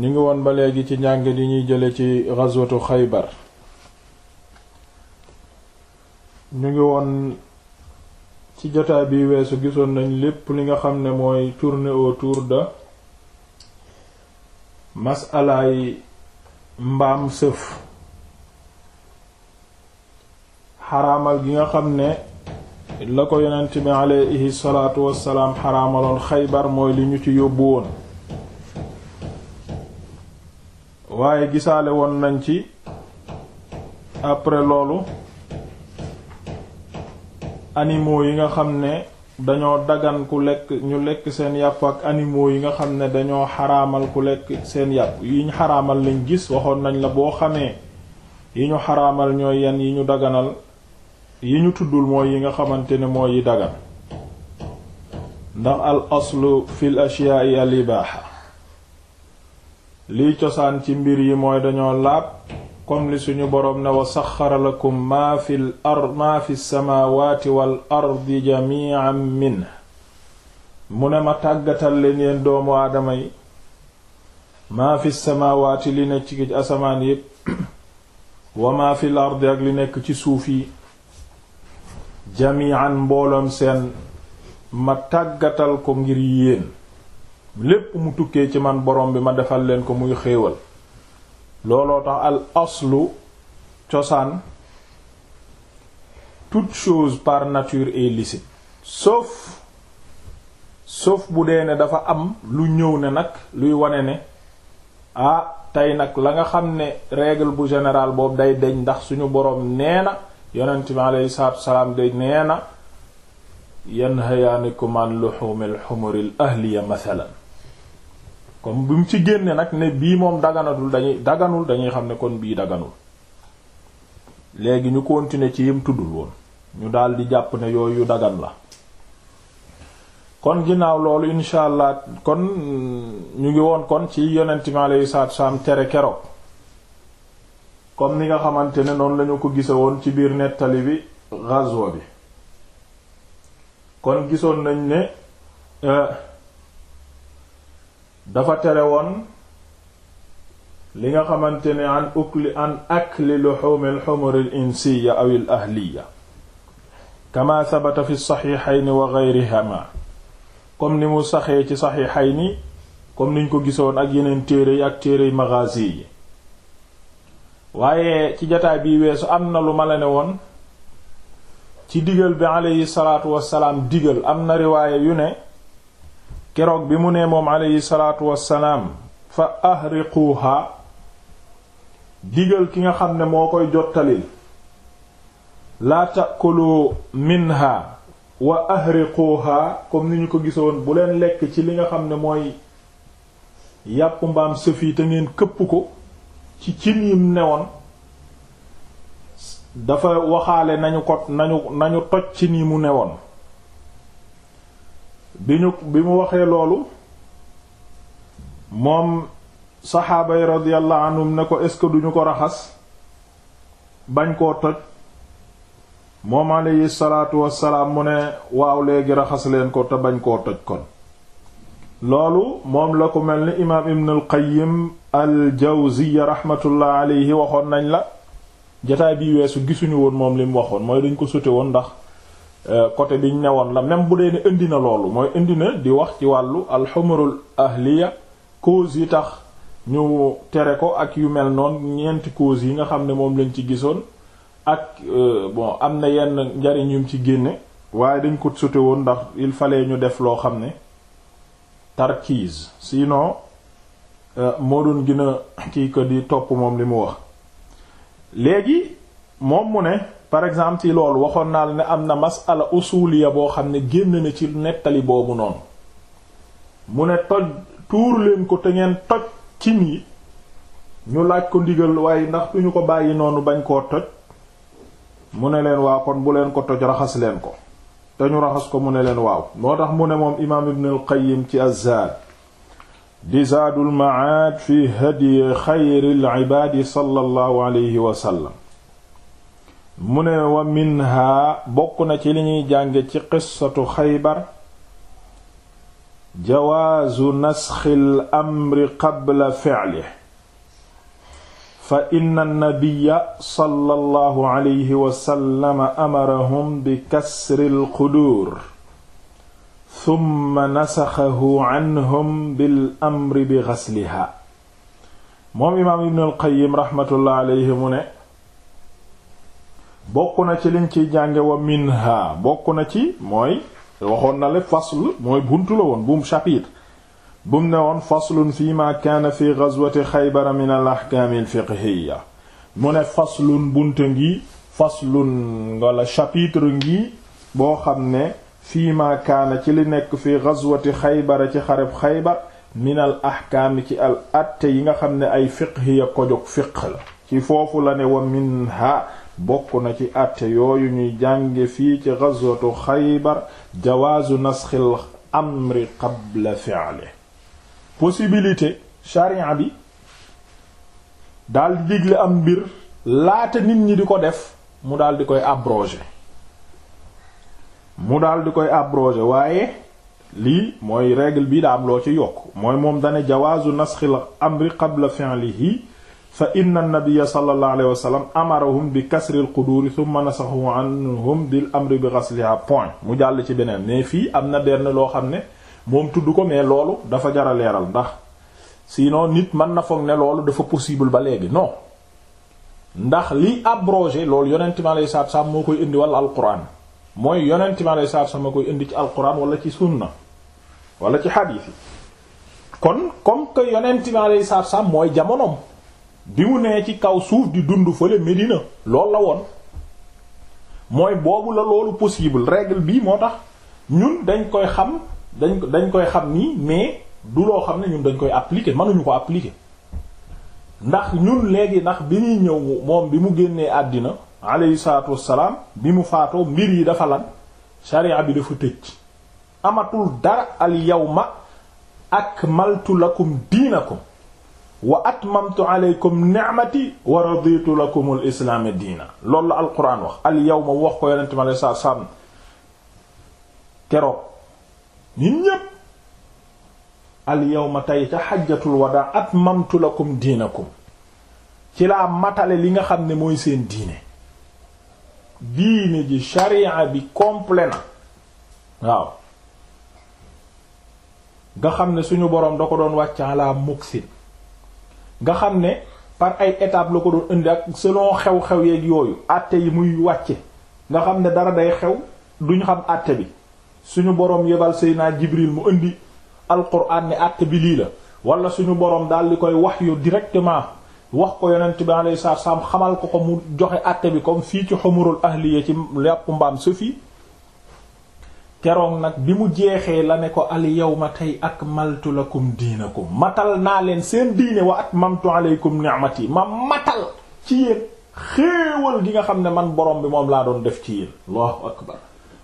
ñu ngi woon ba léegi ci njàng yi ñuy jële ci ghazwatu Xaybar ñu ngi woon ci jotaay bi weesu gisoon nañ lépp li nga xam ne mooy tourner autour de masalaay mbaam sëf xaraamal gi nga xam ne la ko yonent bi aleyhi salaatu wassalaam xaraamaloon Xaybar mooy li ñu ci yóbbu woon waaye gisaale woon nañ ci après loolu animo yi nga xam ne dañoo dagan ku lekk ñu lekk seen yàpp ak animo yi nga xam ne dañoo xaraamal ku lekk seen yàpp yi xaraamal lañ gis waxoon nañ la boo xamee yi ñu xaraamal ñoo yenn yi ñu daganal yi ñu tuddul mooy yi nga xamante ne mooy yi dagan ndax al aslu fil ashyaa'i al ibaaha liy cosaan ci mbir yi mooy dañoo laab comme li suñu boroom ne wa saxara lakum maa fi ar maa fi samaawaati wal mu ne ma tàggatal leen doomu aadama yi maa fi samaawaati li nekk ci asamaan yépp wa maa fi l ardi ak li nekk ci suuf yi jami'an mbooloom seen ma tàggatal ko ngir yéen lépp mu tukkee ci man borom bi ma defal leen ko muy xéewal looloo tax al aslu cosaan toute chose par nature et licite sauf sauf bu dee ne dafa am lu ñëw ne nag luy wane ne ah tey nag la nga xam ne regle bu générale boobu day deñ ndax suñu borom nee na yonent bi aleyhi salaatu salaam day nee na yanhayaanikum an luhumil humuril ahliya mathalan comme bi mu ci génnee nag ne bii moom daganatul dañuy daganul dañuy xam ne kon bii daganul léegi ñu continuer ci yim tuddul woon ñu daal jàpp ne yooyu dagan la kon ginnaaw loolu incha allah kon ñu ngi woon kon ci yonent mi alayhi salaatu tere keroog comme ni nga xamante ne noonu lañu ko gise woon ci biir nettali bi ghazwa bi kon gisoon nañ ne euh, dafa tere woon li nga xamante ne an ukli an akli luxuumil xumuril insiya awil ahliya kama sabata fi saxiixayni wa geyrihama comme ni mu saxee ci saxiixayni comme niñ ko gisoon ak yeneen téere yi ak téere yi magaasi yi waaye ci jataay bi weesu am na lu ma la ne woon ci digal bi aleyhi salaatu wassalaam digal am na riwaaya yu ne keroog bi mu nee moom aleyhi salaatu wassalaam fa ahriquuha digal ki nga xam ne moo koy jottalil laata takulu minha wa ahriquuha comme ni ñu ko gisoon bu leen lekk ci li nga xam ne mooy yàpp mbaam sëfii te ngeen këpp ko ci cin yim newoon dafa waxaale nañu ko nañu nañu toj cin yi mu newoon bi ñu bi mu waxee loolu moom saxaaba yi radiyallahu anhum ne ko est-ce que duñu ko raxas bañ koo toj moom alayhi salaatu wassalaam mu ne waaw léegi raxas leen ko te bañ koo toj kon loolu moom la ko mel ni imaam ibn al qayyim al jawziya raxmatullah alayhi waxoon nañ la jataay bi weesu gisuñu woon moom li mu waxoon mooy dañ ko sute woon ndax Euh, côté biñ newoon la même bu dee ne indi na loolu mooy indi na di wax ci wàllu alxumurul ahliya cause yi tax ñu tere ko ak yu mel noon ñeenti cause yi nga xam ne moom lañ ci gisoon ak euh, bon am na yenn njariñ yum ci génne waaye dañ ko sute woon ndax il fallait ñu def loo xam ne tarkiis sinon euh, moo doon gën a kii ko di topp moom li mu wax léegi moom mu ne par exemple ci loolu waxoon naa la ne am na masala usuliya boo xam ne génn na ci nettali boobu noonu mu ne toj tuur leen ko te ngeen toj cin yi ñu laaj ko ndigal waaye ndax duñu ko bàyyi noonu bañ koo toj mu ne leen waa kon bu leen ko toj raxas leen ko te ñu raxas ko mu ne leen waaw moo tax mu ne moom imaam ibn al qayyim ci azzaad di zaadul maad fi hadi xayril ibaadi sallallahu alayhi wa sallam mu ne wa minha bokk na ci li ñuy jànge ci qissatu xaybar jawaazu nasxil amri qabla fi'li fa inna nabiya sallallahu alayhi wa sallam amarahum bi kasril quduur thumma nasaxahu anhum bil amri bi ghasliha moom imaam ibn al qayyim raxmatullahi alayhi mu ne bokk na ci liñ ciy jànge wa minha bokk na ci mooy waxoon na le fasl mooy buntu la woon buum chapitre bumu ne woon faslun fi ma kaana fi ghazwati xaybara min al ahkaam al fiqhiyya mu ne faslun bunta ngi faslun wala chapitre ngi boo xam ne fii ma kaana ci li nekk fi ghazwati xaybara ci xareb xaybar min al ahkaam ci al atte yi nga xam ne ay fiqhiyya ko jóg ci foofu la ne wa minha bokk na ci àtte yooyu ñuy jànge fii ci ghazwatu xaybar jawaazu nasxil amri qabla fi'li possibilité charia bi daal di digle am mbir laata nit ñi di ko def mu dal di koy abroger mu daal di koy abroger waaye lii mooy règle bi daa loo ci yokk mooy moom dane jawaazu nasxil amri qabla fi'lihi fa inna nabiyya sallallahu alayhi wa sallam amarahum bi kasri al-quduuri thumma nasahu anhum bil amri bi ghasliha point mu jàll ci beneen mais fii am na benn loo xam ne moom tudd ko mais loolu dafa jara a leeral ndax sinon nit mën na foog ne loolu dafa possible ba léegi non ndax li abrogé loolu yonent mi alayhi salaatu salaam moo koy indi wala alquran mooy yonent mi alayhi salaatu salaam moo koy indi ci alquran wala ci sunna wala ci xadiis yi kon comme que yonent mi alayhi mooy jamonoom. bi mu nee ci kaw suuf di dund fële Medina loolu la woon mooy boobu la loolu possible regle bi moo tax ñun dañ koy xam dañ dañ koy xam nii mais du loo xam ne ñun dañ koy appliquer mënuñu ko appliquer ndax ñun léegi ndax bi ñuy ñëw moom bi mu génnee àddina alayhi salaatu wassalaam bi mu faatoo mbir yi dafa lan sharia bi dafa tëj amatul dara al yawma akmaltu lakum ko wa at aleykum ni'mati wa raditu lakum al islaama diina loolu la alquran wax al yawma wax ko ma mi aleye satu salaam keroog ñun ñépp al yawma tey ca xajjatul wadaa atmamtu lakum diinakum ci laa matale li nga xam ne mooy seen diine diine ji sharia bi komple na waaw nga xam ne suñu boroom da ko doon wàcc ala muksin nga xam ne par ay étape la ko doon indi ak selon xew-xew yeeg yooyu àtte yi muy wàcce nga xam ne dara day xew duñu xam àtte bi suñu boroom yebal naa Jibril mu indi alquran ne àtte bi lii la wala suñu boroom daal di koy wax yu directement wax ko yonent bi alayhi salaam xamal ko ko mu joxe àtte bi comme fii ci xumurul ahliya ci yàpp mbaam sa fii keroog nag bi mu jeexee la ne ko al yawma tey akmaltu lakum diinakum matal naa leen seen diine wa atmamtu alaykum ni'mati ma matal ci yéen xéewal gi nga xam ne man borom bi moom laa doon def ci yéen allahu akbar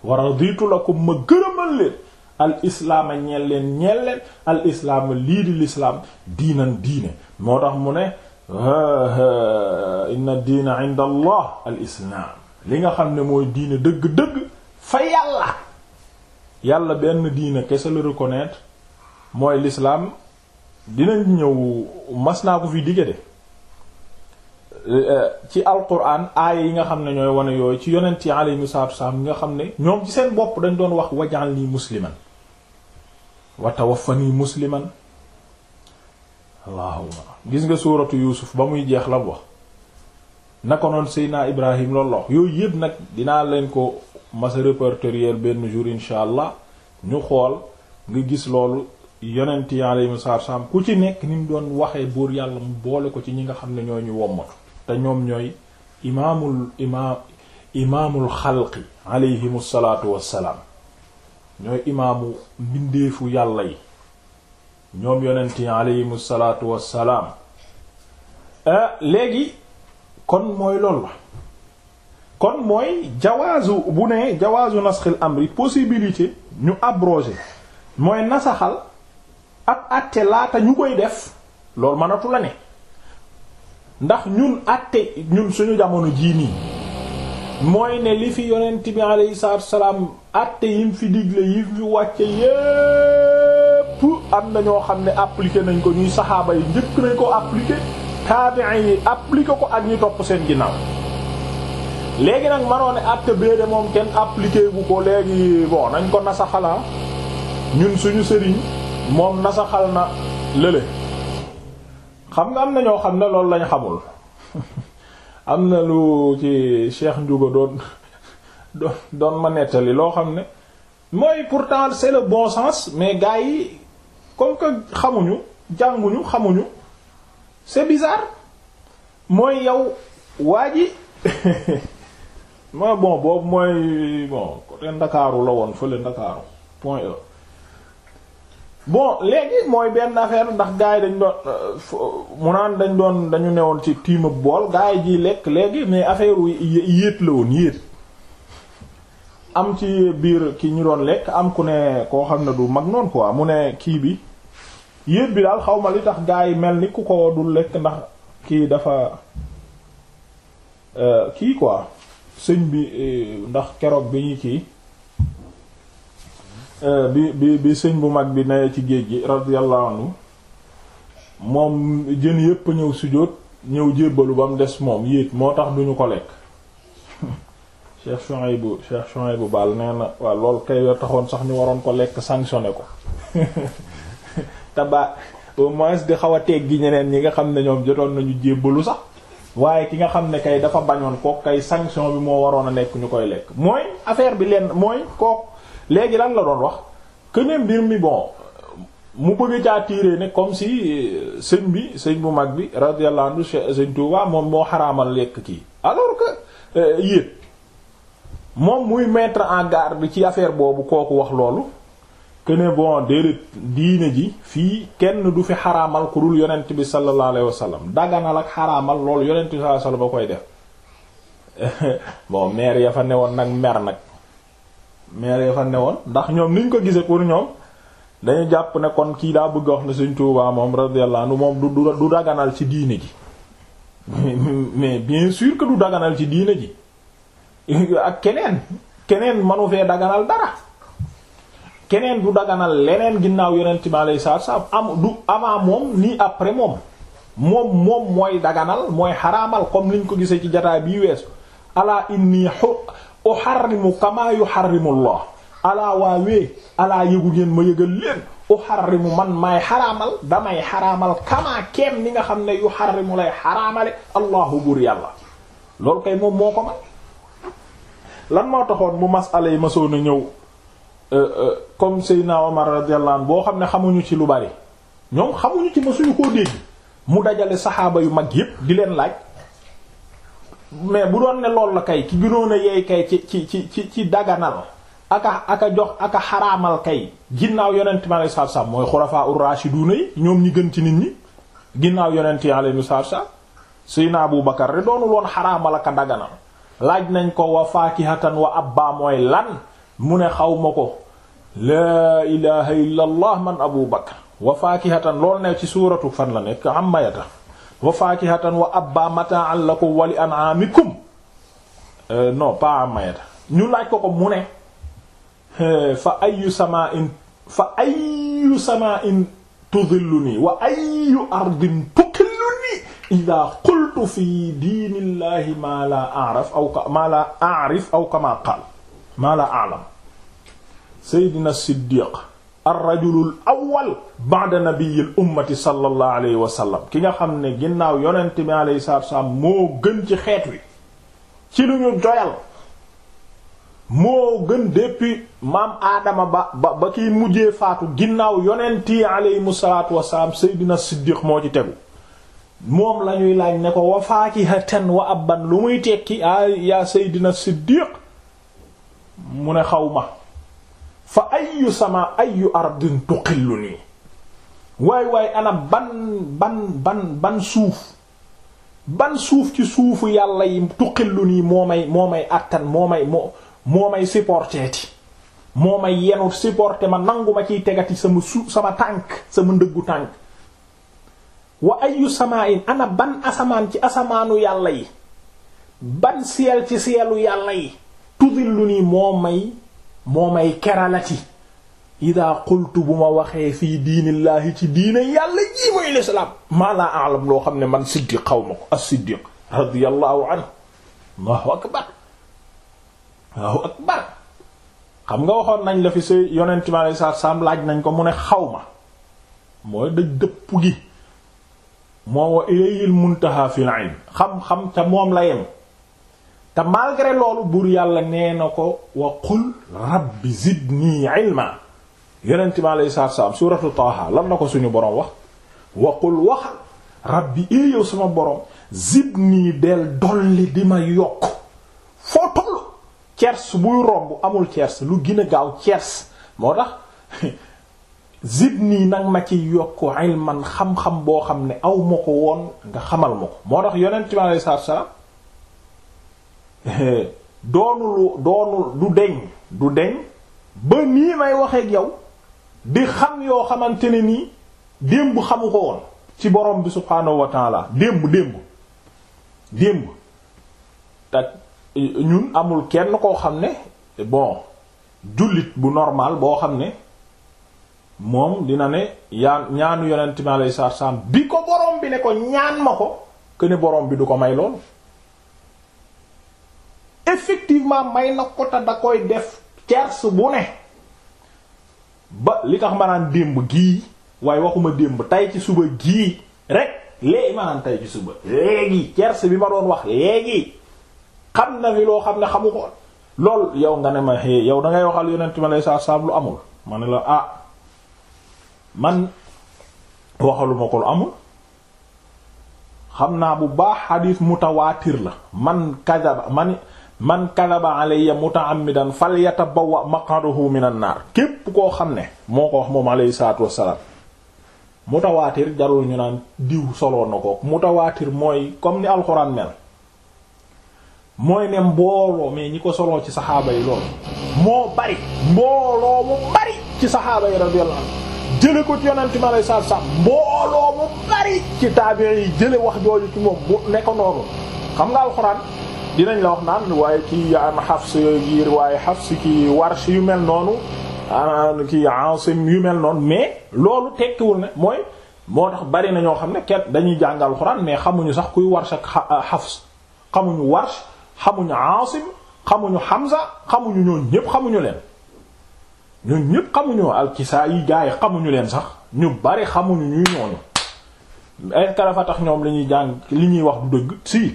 wa raditu lakum ma gërëmal leen al islaama leen ñeel leen al lii di lislaam diinan diine moo tax mu ne inna diina inda allah al li nga xam ne mooy diine dëgg-dëgg fa yàlla yàlla benn diina kese la reconnaître mooy l'islam dinañ ñëw mas naa ko fi digge de euh, ci alquran aaya yi nga xam ne ñooy wane yooyu ci yonent yi alayhimu salaatu saam yi nga xam ne ñoom ci seen bopp dañ doon wax waj'alnii musliman wa tawaffanii musliman allahumma gis nga suuratu yuusuf ba muy jeex la wax naka noonu seydinaa ibrahim loolu la wax yooyu yëpp nag dinaa leen ko masa répertorier benn jour incha allah ñu xool nga gis loolu yonent yi alayhimu salaam ku ci nekk ni mu doon waxee buur yàlla mu boole ko ci ñi nga xam ne ñoo ñu wommatu te ñoom ñooy imaamul imaam imaamul xalqi alayhimu salaatu wassalaam ñooy imaamu mbindeefu yàlla yi ñoom yonent yi alayhimu salaatu salaam eh, léegi kon mooy loolu la kon mooy jawaazu bu ne jawaazu nasxil amri possibilité ñu abroger mooy nasaxal ab àtte laata ñu koy def loolu mënatu la ne ndax ñun àtte ñun suñu jamono jii nii mooy ne li fi yonent bi alayhi salaatu salaam àtte yim fi digle yim fi wàcce yépp am na ñoo xam ne appliqué nañ ko ñuy saxaaba yi njëkk nañ ko appliqué taabi'i yi appliqué ko ak ñi topp seen ginnaaw léegi nag manoo ne acte bee moom kenn appliqué bu ko léegi bon nañ ko nasaxalaa ah. ñun suñu sëriñ moom nasaxal na lële xam nga am na ñoo xam ne loolu lañ xamul am na lu ci Cheikh Ndiouga doon doon ma nettali loo xam ne mooy pourtant c'est le bon sens mais gars yi comme que xamuñu jànguñu xamuñu c'est bizarre mooy yow waa ji mooy bon boobu mooy bon côté ndakaaru la woon fële ndakaaru point e bon léegi mooy benn affaire ndax gaay yi dañ doon euh, mu naan dañ doon dañu newoon ci tiima bool gars yi ji lekk léegi mais affaire yéet la woon yéet am ci biir ki ñu doon lekk am ku ne koo xam ne du mag noon quoi mu ne kii bi yéet bi daal xaw ma li tax gars yi mel ni ku ko dul lekk ndax kii dafa euh, kii quoi sëñ bi eh, ndax keroog bi ñu kii eh, bi bi bi sëñ bu mag bi nawe ci géej gi radiyallahu anhu moom jën yépp ñëw sujjóot ñëw jébbalu ba mu des moom yéeg moo tax duñu ko lekk bu Chouaïbou Cheikh bu Baal nee na waaw loolu kay yoo taxoon sax ñu waroon ko lekk sanctionné ko te ba au moins di xaw a teggi ñeneen ñi nga xam ne ñoom jotoon nañu jébbalu sax waaye ki nga xam ne kay dafa bañoon kook kay sanction bi moo waroon a nekk ñu koy lekk mooy affaire bi leen mooy kook léegi lan la doon wax que ne mbir mi bon mu bëgg caa tiiree ne comme si euh, sëñ bi sëñ bu mag bi radiyallahu anhu sëñ waa moom moo xaraamal lekk kii alors que euh, yéen moom muy mettre en garde ci affaire boobu kooku wax loolu que bon déedéet diine ji fii kenn du fi xaramal ku dul yonent bi sallallahu alayhi wa daganal ak xaraamal loolu yonent bi sallallahu alayhi wa ba koy def bon maire ya fa newoon nag mer nag maire ya fa newoon ndax ñoom niñ ko gisee pour ñoom dañu jàpp ne kon kii daa bëgg wax ne Sëriñ Tuubaa moom radiyallahu moom du du daganal ci diine ji mais bien sûr que du daganal ci diine ji ak keneen keneen manu fee daganal dara. keneen du daganal leneen ginnaaw yonent bi alayhi salaatu am du avant moom nii après moom moom mooy daganal mooy xaraamal comme liñ ko gisee ci jataay bii weesu alaa inni uharrimu kamaa yuharrimu Allah alaa waawee alaa yëgu ngeen man maay xaraamal damay xaraamal kamaa keem ni nga xam ne yuharrimu lay xaraamale allahu buur yàlla loolu kay moom moo ko man lan moo taxoon bu masala yi ma soon ñëw Euh, euh, comme Seydina Omar radiyallahu boo xam ne xamuñu ci lu bari ñoom xamuñu ci mësuñu koo dégg mu dajale saxaaba yu mag yépp di leen laaj mais bu doon ne loolu la kay ki gënoon a yeey kay ci ci ci ci ci daganal aka aka jox aka xaramal kay ginnaaw yonent mi alayhi salaatu salaam mooy xulafaa ur-raashiduuna yi ñoom ñi gën ci nit ñi ginnaaw yonent yi alayhi salaatu salaam Seydina Abu rek doonul woon xaraamal aka daganal laaj nañ ko wa faakihatan wa abba mooy lan mu ne xaw ko laa ilaha illa allah man abu bakar wa faakihatan lool ne ci suuratu fan la nekk ammayata wa faakihatan wa abba mataan lakum wa li an'amikum euh, non pas ammayata ñu laaj ko ko mu ne euh, fa ayyu sama'in fa ayyu sama'in tudilluni wa ayyu ardin tukilluni idha qultu fi diinillahi ma la a'raf aw ma la a'rif aw kama qala ma la a'lam seydina siddiq arrajulul awwal ba'da nabiyil ummati sallallahu alayhi wa ki nga xam ne ginnaaw yonent bi alayhi salaatu wasalaam moo gën ci xeet wi ci lu ñu joyal moo gën depuis maam aadama ba ba kiy mujjee faatu ginnaaw yonent yi alayhimu salaatu wasalaam seydina siddiq moo ci tegu moom lañuy laaj ne ko wa faakihatan wa ban lu muy tekki a yaa seydina siddiq mu ne xaw ma fa ayyu sama ayyu ardin tuqillu nii waay waay ana ban ban ban ban suuf ban suuf ci suufu yàlla yi tuqillu nii moo may moo may àttan moo may moo moo may supporteeti moo may yenu supporté ma nangu ma ciy tegati sama suuf sama tànk sama ndëggu tànk wa ayu samaayin ana ban asamaan ci asamaanu yàlla yi ban seel ci seelu yàlla yi tudillu nii moo may moo may keralati ida qultu bu ma waxee fii diinillaahi ci diine yàlla ji mooy lislaam maa laa aalam loo xam ne man siddiq xaw ma ko as-siddiq radiyallahu anhu allahu akbar allahu akbar xam nga waxoon nañ la fi say yonent mi alei salaam laaj nañ ko mu ne xaw ma mooy daj dëpp gi moo wa ilayil muntaha fil ilm xam-xam ca moom la yem te malgré loolu buur yàlla nee na ko wa qul rabbi zidni ilma yonent bi alayhi salaatu salaam suuratu taaha lan na ko suñu boroom wax wa qul wax rabbi ee eh yow sama boroom zidni del dolli di ma yokk foo toll cers buy romb amul cers lu gën a gaaw cers moo tax zidni nag ma ci yokk ilman xam-xam boo xam ne aw ma ko woon nga xamal ma ko moo tax yonent bi salaam doonul doonul du deñ du deñ ba nii may waxeek yow di xam yoo xamante ne nii démb xamu ko woon ci borom bi subhaanahu wa taala démb démb démb tak ñun amul kenn koo xam ne bon jullit bu normal boo xam ne moom dina ne yaa ñaanu yonent mi alayhi salaam bi ko borom bi ne ko ñaan ma ko que borom bi du ko may loolu effectivement may na ko ta da koy def cers bu ne ba li tax ma démb gii waaye waxuma démb tey ci suba gii rek léegi ma naan ci suba léegi cers bi ma doon wax léegi xam na ni loo xam ne xamu ko lool yow nga ne ma xëy yow da ngay waxal yonent ma lay saa saab lu amul ma ne la ah man waxaluma ko lu amul xam naa bu baax xadiis mutawaatir la man kadaba man man kadaba alayya muta'ammidan falyatabawwa maq'adahu minan naar képp koo xam ne moo ko wax moom alayhi salaatu wassalaam mutawaatir jarul ñu naan diw soloon na ko mutawaatir mooy comme ni alxuraan mel mooy ne mbooloo mais ñi ko soloo ci saxaaba yi loolu moo bari mbooloo mu bari ci saxaaba yi radiyallahu anhu jële ko ci yonente mi alayhi salaatu wassalaam mbooloo mu bari ci taabi'i yi jële wax jooju ci moom bu nekk xam nga alxuraan dinañ la wax naan waaye kii am Hafs giir waaye Hafs kii Warsh yu mel noonu kii Asim yu mel noonu mais loolu tekkiwul ne mooy moo tax bari na ñoo xam ne kenn dañuy jàngal Alxuraan mais xamuñu sax kuy Warsh ak Hafs xamuñu Warsh xamuñu Asim xamuñu Hamza xamuñu ñooñu ñépp xamuñu leen ñun ñépp xamuñu al yi gaa yi xamuñu leen sax ñu bari xamuñu ñuy ñooñu ay kalafa tax ñoom li ñuy jàng li ñuy wax du dëgg sii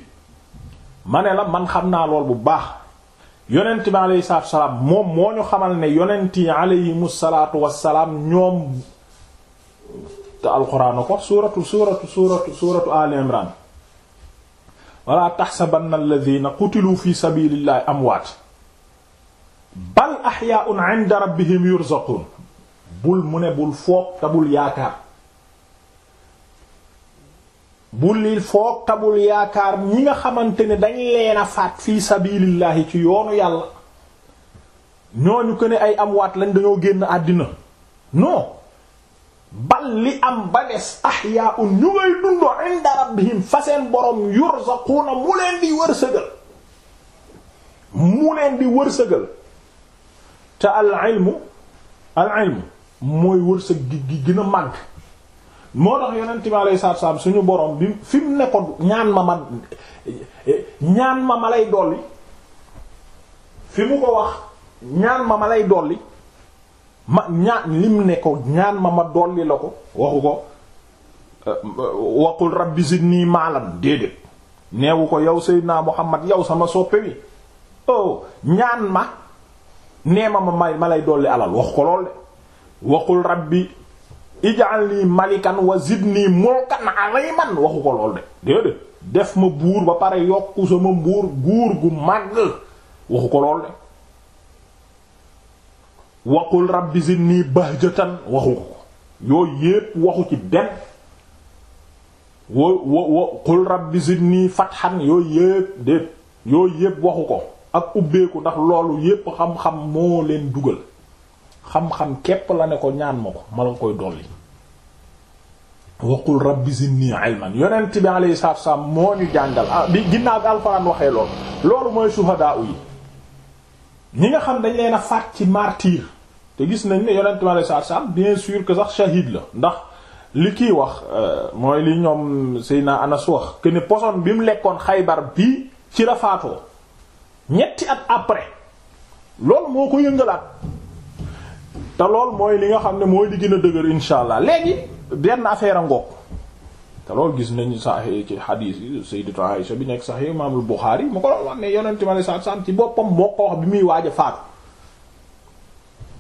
ma ne la man xam naa lool bu baax yonent bi aleyhi salaatu wasalaam moom moo ñu xamal ne yonent yi aleyhimu salaatu wasalaam ñoom te alxuraan ko suuratu suuratu suuratu suuratu Al Imran wala taxsabanna alladhina qutilu fi sabilillahi amwaat bal axyaun inda rabbihim yurzaqun bul mu ne bul foog te bul yaakaar bu lii foog tabul yaakaar ñi nga xamante ne dañ leen a faat fii sabilillahi ci yoonu yàlla ñooñu ko ne ay amwaat lañ dañoo génn àddina non bal li am ba des ahyaa'un ñu ngay dundu inda rabbihim fa seen borom yurzaquuna mu leen di wërsëgal mu leen di wërsëgal te al ilmu al ilmu mooy wërsëg gi gi gën a màgg moo tax yonent bi alayhi salaatu salaam suñu borom bi fi mu ne ko ñaan ma ma ñaan ma ma lay dolli fi mu ko wax ñaan ma ma lay dolli ma ñaan lim ne ko ñaan ma ma dolli la ko waxu ko euh, waqul rabbi nii maalam déedéet neewu ko yow Seydina Muhammad yow sama soppe wi oh ñaan ma nee ma ma ma lay dolli alal waxu ko lool de waqul rabbi ij'al nii malikan wa ni mulkan aliman waxu ko lool de déedéet def ma buur ba pare yokku sama mbuur guur gu màgg waxu ko lool de waqul ni zidnii bahjatan waxu ko yooyu yépp waxu ci benn wa wa wa qul rabbi zidnii fathan yooyu yépp déet yooyu yépp waxu ko ak ubbeeku ndax loolu yépp xam-xam moo leen dugal xam-xam képp la ne ko ñaan ma ko ma la koy dolli waqul rabbi zidni ilman yonent bi alayhi salaatu wassalaam moo ñu jàngal a ah, bi ginnaaw bi alxuraan waxee loolu loolu mooy suhadaa yi ñi nga xam dañ leen a faat ci martyr te gis nañ ne yonent bi alayhi salaatu wassalaam bien sûr que sax shahid la ndax li kii wax euh, mooy lii ñoom Seydina Anas wax que ne poison bi mu lekkoon Xaybar bii ci la faatoo ñetti at après loolu moo ko yëngalaat. te lool mooy li nga xam ne mooy di gën a dëgër insha allah léegi benn affaire a ngokk te lool gis nañu saxee ci xadiis yi Sayyidatu Aisha bi nekk sax saxee Imaamul Buxaari mu ko doon wax ne yonent ma saa saam ci boppam moo ko wax bi muy a faatu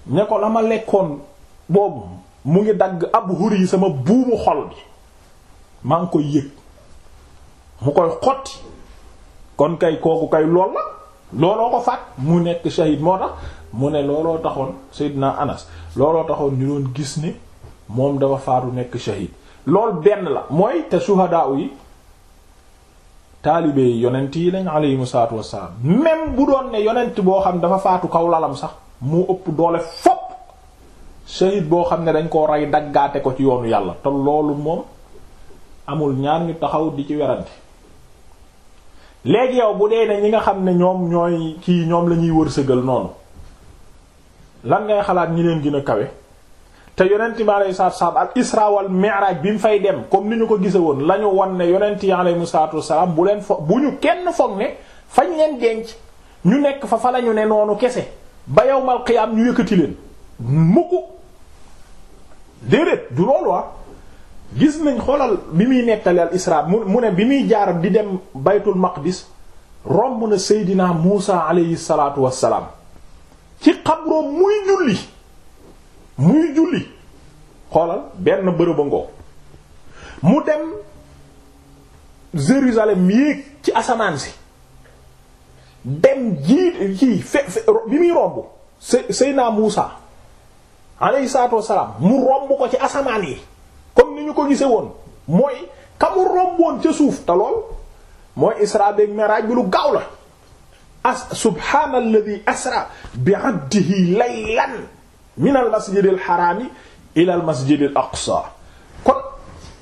ne ko la ma lekkoon boobu mu ngi dagg ab hur yi sama buumu xol bi maa ngi koy yëg mu koy xotti kon kay kooku kay lool la looloo ko faat mu nekk shahid moo tax mu ne looloo taxoon Seydina Anas looloo taxoon ñu doon gis ni moom dafa faatu nekk shahid lool benn la mooy te suhadaa yi taalibe yi yonent yi lañ aleyhimu salaatu wassalaam même bu doon ne yonent boo xam dafa faatu kaw lalam sax mu ëpp doole fopp shahid boo xam ne dañ koo rey daggaate ko ci yoonu yàlla te loolu moom amul ñaar ñu taxaw di ci werante léegi yow bu dee ne ñi nga xam ne ñoom ñooy kii ñoom lañuy wër wërsëgal noonu lan ngay xalaat ñi leen gën a kawe te yonent bi aleyhi salaatu al ak isra wal bi mu fay dem comme ni ñu ko gise woon won ñu wan ne yonent yi aleyhi salaatu salaam bu leen fo bu ñu kenn foog ne fañ leen denc ñu nekk fa fa la ne noonu kese ba yawmal qiyaam ñu yëkkati leen mukk déedéet du loolu wa ah. gis nañ xoolal bi muy nettali al isra mu ne bi muy jaar di dem baytul maqdis romb na seydinaa Muusa aleyhi salaatu wassalaam ci xabroom muy julli muy julli xoolal benn bërëb a mu dem Jérusalem yéeg ci asamaan si dem jiit ji fe bi muy romb Seyna Muusa alayhi salaatu wassalaam mu romb ko ci asamaan yi comme ni ñu ko gise woon mooy ka romboon ca suuf te lool mooy Isra beeg Miraaj bi lu gaaw la as subhaanalladhi asra bi abdihi laylan min al masjidil ila al masjidil kon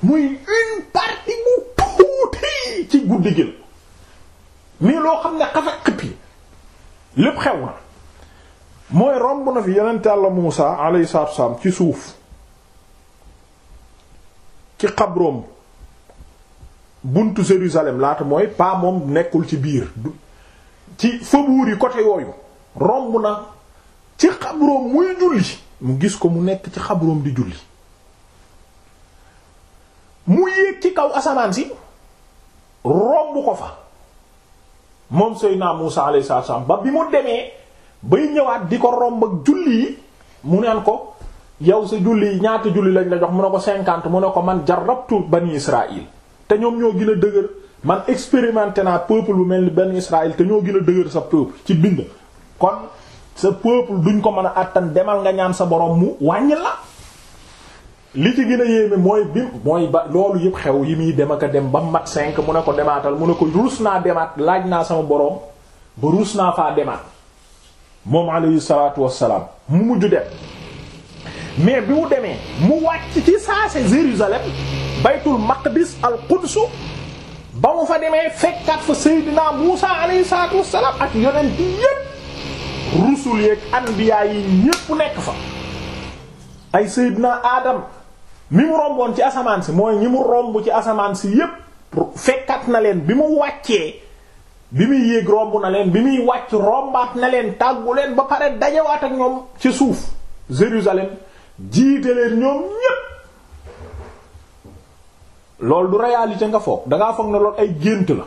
muy une partie bu ci guddi gi la loo xam ne xafa xippi lépp xew na mooy romb na fi yonent Yàlla Muusa alayhi salaatu salaam ci suuf ci xabroom buntu Jérusalem laata mooy pa nekkul ci biir ci faubourg yi côté yooyu romb na ci xabroom muy julli mu gis ko mu nekk ci xabroom di julli mu yéeg ci kaw asamaan si romb ko fa moom Seydina Muusa alayhi salaam ba bi mu demee bay ñëwaat di ko romb ak julli yi mu neen ko yow sa julli ñaata julli lañ la jox mu ne ko cinquante mu ne ko man jarabtu bani Israël te ñoom ñoo gën a dëgër man expérimenté naa peuple bu mel ni benn Israël te ñoo gën a dëgër sa peuple ci bind kon sa peuple duñ ko man a àttan demal nga ñaan sa boroom mu wàññi la li ci gën a yéeme mooy bi mooy ba loolu yëpp xew yi muy dem ak a dem ba mu mat cinq mu ne ko demaatal mu ne ko ruus naa demaat laaj naa sama boroom ba ruus naa faa demaat moom alayhi salaatu wassalaam mu mujj dem mais bi mu demee mu wàcc ci saase Jérusalem baytul maqdis al quds ba mu fa demee fekkaat fa Seydina Muusa alayhi salaatu wassalaam ak yonent yépp rusul yeek anbiya yi ñépp nekk fa ay Seydina Adam mi mu romboon ci asamaan si mooy ñi mu romb ci asamaan si yépp fekkat na leen bi mu wàccee bi muy yéeg romb na leen bi muy wàcc rombaat na leen tàggu leen ba pare dajawaat ak ñoom ci suuf Jérusalem jiite leen ñoom ñépp loolu du réalité nga foog dangaa foog na loolu ay gént la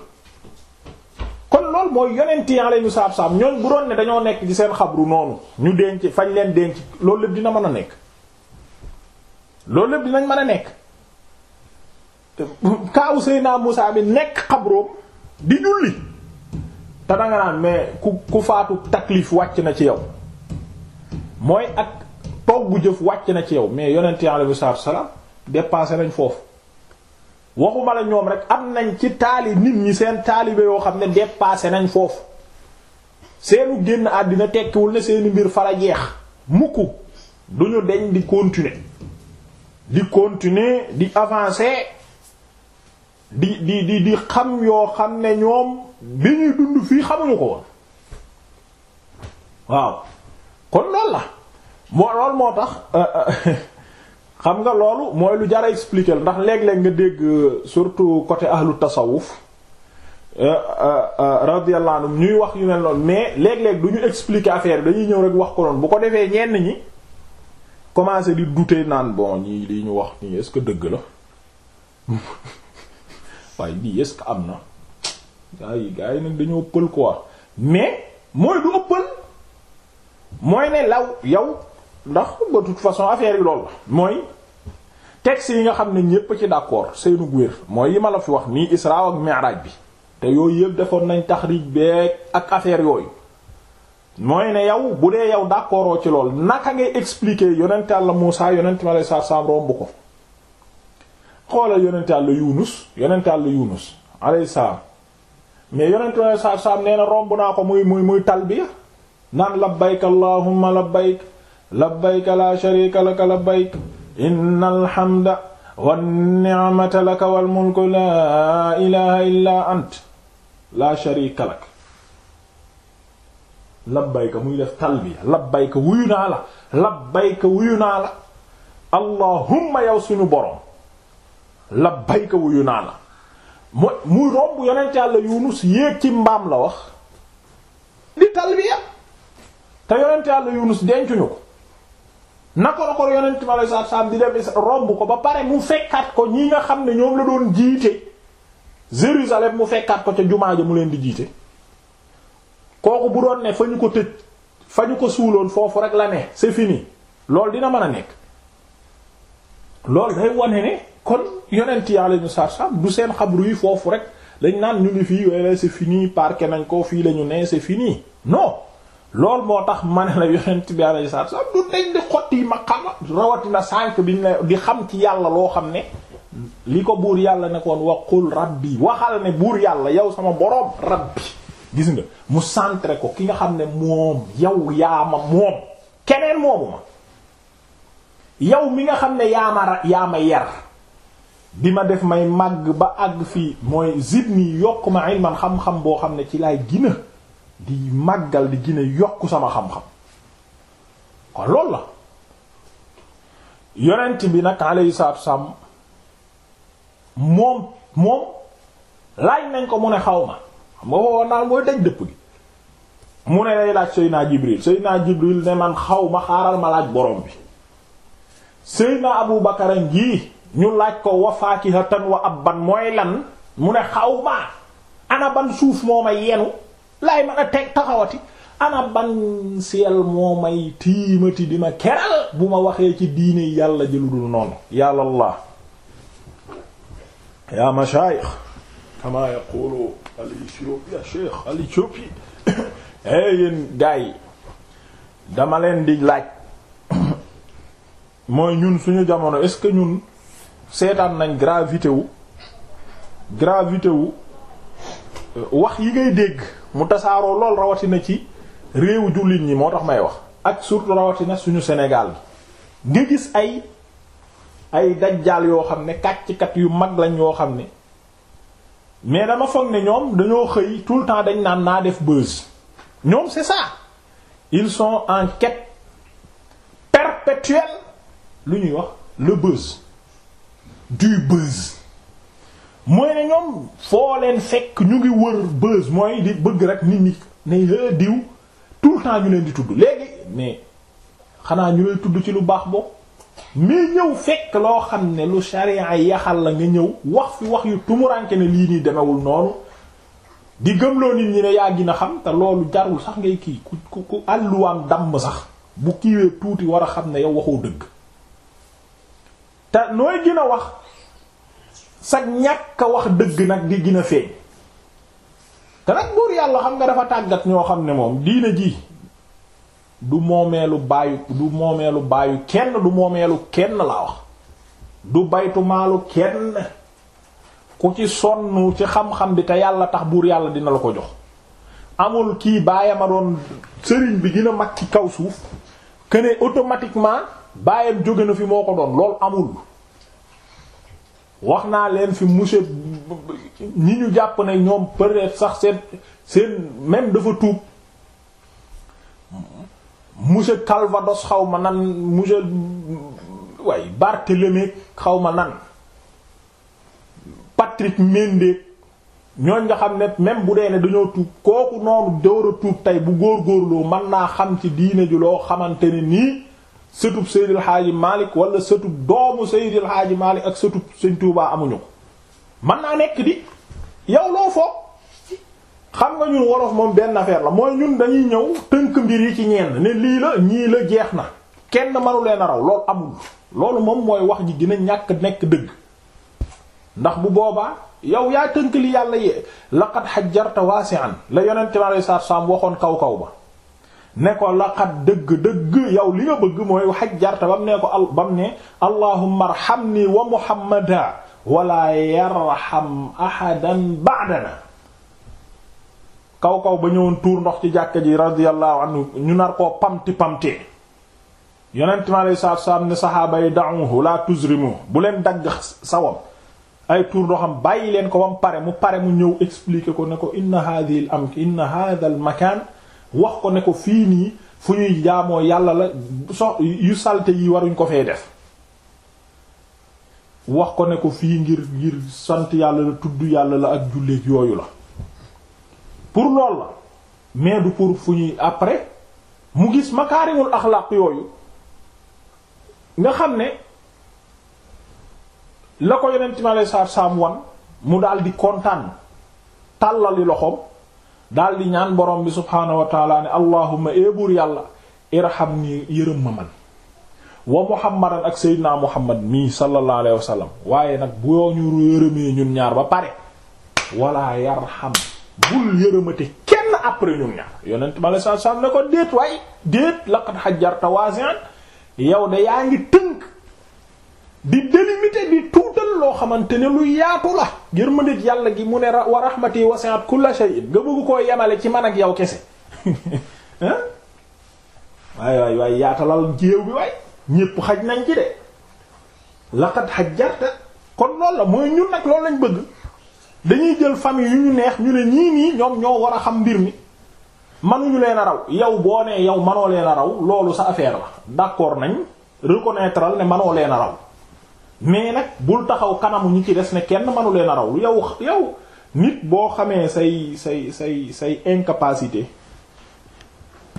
kon loolu mooy yonent yi alayhimu salaatu salaam ñooñ bu doon ne dañoo nekk ci seen xabru noonu ñu denc fañ leen denc loolu lépp dina mën a nekk loolu lépp dinañ mën a nekk kaaw Seydina Musaa bi nekk xabroom di julli te danga naan mais ku ku faatu taklif wàcc na ci yow mooy ak toggu jëf wàcc na ci yow mais yonent yi alayhimu salaatu salaam dépassé nañ foofu waxuma la ñoom rek am nañ ci taali nit ñi seen taalibe yoo xam ne dépassé nañ foofu seenu génn àddina tekkiwul ne seeni mbir fara jeex mukk duñu deñ di continuer di continuer di avancé di di di di xam yoo xam ne ñoom bi ñuy dund fii xamuñu ko woon waaw kon lool la moo lool moo tax euh, euh, xam nga loolu mooy lu jar a expliquer ndax léeg-léeg nga dégg euh, surtout côté ahlu tasawuf euh, euh, radiyallahu anhum ñuy wax yu mel noonu mais léeg-léeg du ñu expliquer affaire dañuy ñëw rek wax ko noonu bu ko defee ñenn ñi commencer di douter naan bon ñii lii ñu wax nii est-ce que dëgg la waaye lii est am na gaa yi gaa yi nag dañoo ëppal quoi mais mooy du ëppal mooy ne law yow ndax ba toute façon affaire yi loolu la mooy texte yi nga xam ne ñépp ci d'accord seenu guwér mooy yi ma la fi wax nii Isra ak Mi'raj bi te yooyu yëpp defoon nañ taxrij beeg ak affaire yooyu mooy ne yow bu dee yow d'accordoo ci lool naka ngay expliquer yonent Yàlla Muusaa yonent ma lay sar sam romb ko xoolal yonent Yàlla Yunus yonent Yàlla Yunus alayhi salaam mais yonent ma lay sar sam nee na romb naa ko muy muy muy talbiya naan labbayk allahumma labbayk labbayka laa sharika laka labbayk innal hamda wan ni'mata laka wal mulku laa ilaha illa ant laa sharika lak labbayka muy def talbiya labbayka wuyu la labbayka wuyu la allahumma yow suñu borom labbayka wuyu naa la mu muy romb yonent yàlla yunus yéeg ci mbaam la wax di talbiya te yonent yàlla yunus dencuñu ko naka la ko yonent mi alayhi salaatu salaam di dem romb ko ba pare mu fekkaat ko ñi nga xam ne ñoom la doon jiite Jérusalem mu fekkaat ko ca jumaa ja mu leen di jiite kooku bu doon ne fa ñu ko tëj fa ñu ko suuloon foofu rek la ne c'est fini loolu dina mën a nekk loolu day wane ne kon yonent yi alayhi salaatu salaam du seen xabru yi foofu rek lañ naan ñu ngi fii wala c'est fini parqué nañ ko fii la ñu ne c'est fini non. loolu moo tax ma ne la yonent bi alayhi salaatu wasallam du deñ di xotti maqaama rawatina sànq biñ la di xam ci yàlla loo xam ne li ko buur yàlla nekkoon wa qul rabbi waxal ne buur yàlla yow sama boroom rabbi gis nga mu santre ko ki nga xam ne moom yow yaama moom keneen moomu ma yow mi nga xam ne yaama yaama yar bi ma def may màgg ba àgg fii mooy zidni yokk ma ilman xam-xam boo xam ne ci laay gina di màggal di gën yokk sama xam-xam kon loolu la yonent bi nag alayhi salaatu wassalaam moom moom laaj nañ ko mu ne xaw ma xam nga woon naa mooy daj dëpp gi mu ne day laaj Seydina Jibril Seydina Jibril ne man xaw ma xaaral ma laaj borom bi Seydina Abu Bakar ngi ñu laaj ko wa faakihatan wa abban mooy lan mu ne xaw ma ana ban suuf moom ma yenu laay mën a teg taxawati ana ban seel moo may tiimati di ma keral bu ma waxee ci diine yàlla ji lu dul noonu yàlla allah yaa mashayikh kama yaqulu al Éthiopie ya cheikh al eh, yi dama leen di laaj mooy ñun suñu jamono est-ce que ñun seetaan nañ gravité wu euh, wax yi ngay dégg mu tasaaroo lool rawatina ci réew jullit ñi moo tax may wax ak surtout rawatina suñu Sénégal bi nga gis ay ay dajjaal yoo xam ne kàcckat yu mag lañ yoo xam ne mais dama foog ne ñoom dañoo xëy tout le temps dañ naan naa def buzz ñoom c'est ça ils sont en quête perpétuelle lu ñuy wax le buzz du buzz mooy ne ñoom foo leen fekk ñu ngi wër bës mooy di bëgg rek nit ñi ne hee diw tout le temps ñu leen di tudd léegi mais xanaa ñu lay tudd ci lu baax boobu mais ñëw fekk loo xam ne lu sharia yaxal la nga ñëw wax fi wax yu tumuranke ne lii nii demewul noonu di gëmloo nit ñi ne yaa gën a xam te loolu jarul sax ngay kii ku ku ku àlluwaam sax bu kiiwee tuuti war a xam ne yow waxoo dëgg te nooy gën a wax sa ñàkk wax dëgg nag di gën a te nag buur yàlla xam nga dafa tàggat ñoo xam ne moom diine ji du moomeelu baayu du moomeelu baayu kenn du moomeelu kenn laa wax du baytu maalu kenn ku ci sonn ci xam-xam bi te yàlla tax buur yàlla dina la ko jox amul kii baayam a doon sëriñ bi gën mag ci kaw suuf que ne automatiquement baayam jóge na fi moo ko doon loolu amul wax naa leen fi monsieur ñi ñu jàpp ne ñoom peut-être sax seen seen même dafa tuub monsieur Calvados xaw ma nan monsieur way Barthélemy xaw ma nan Patrick Mendy ñooñ nga xam ne même bu dee ne dañoo tuub kooku noonu door tuub tey bu góorgóorloo mën naa xam ci diine ju loo xamante ni nii sëtub Seydil Hadji Malick wala sëtub doomu Seydil Hadji Malick ak sëtub Sëñ tuubaa amuñu ko man naa nekk di yow loo foog xam nga ñun wolof moom benn affaire la mooy ñun dañuy ñëw tënk mbir yi ci ñenn ne lii la ñii la jeex na kenn manu leen a raw loolu amul loolu moom mooy wax ji dina ñàkk nekk dëgg ndax bu boobaa yow yaa tënk li yàlla yee laqad hajjarta wasi'an la yonent sallallahu alayhi wasallam waxoon kaw kaw ba ne ko laqad dëgg-dëgg yow li nga bëgg mooy xajjarta bam ne ko al bam ne allahumma arhamni wa muhammada wala yarham ahadan ba'dana kaw kaw ba ñëwoon tuur ndox ci jàkka ji radiyallahu anhu ñu nar koo pamti pamte yonent mi alayhi salaatu salaam ne saxaaba yi da'uhu la tuzrimu bu leen dagg sawam ay tuur ndoxam bàyyi leen ko bam mu pare mu ñëw expliquer ko ne ko in hadhihi al amk inna hadha al wax ko ne ko fii nii fu ñuy jaamoo yàlla la so yu salte yi waruñ ko fee def wax ko ne ko fii ngir ngir sant yàlla la tudd yàlla la ak julleek yooyu la pour lool la mais du pour fu ñuy après mu gis makaarimul axlaq yooyu nga xam ne la ko yeneen ci ma lay saar wan mu daal di kontaan tàllali loxoom daal di ñaan borom bi subhaanahu wa taala ne allahuma eebuur yàlla irham ni yërëm ma man wa muhammadan ak seydinaa muhammad mii sallallahu alayhi waaye nag boo ñu yërëmee ñun ñaar ba pare wala yarham bul yërëmate kenn après ñun ñaar yonent ma la saa saa ne ko déet waaye déet laqad hajjarta waasi'an yow de yaa ngi tënk di délimiter di tuutal loo xamante ne lu yaatu la ngir ma yàlla gi mu ne wa rahmati wasi'at kulla shay'in nga bëgg koo yemale ci man ak yow kese waay waay waay yaatalal jéew bi waay ñépp xaj nañ ci de laqad hajjarta kon loolu la mooy ñun nag loolu lañ bëgg dañuy jël famille yu ñu neex ñu ne ñii nii ñoom ñoo war a xam mbir mi manuñu leen a raw yow boo nee yow manoo leen raw loolu sa affaire la d'accord nañ reconnaître ne manoo leen a raw mais nag bul taxaw kanamu ñi ci des ne kenn mënu leen a raw yow yow nit boo xamee say say say say incapacité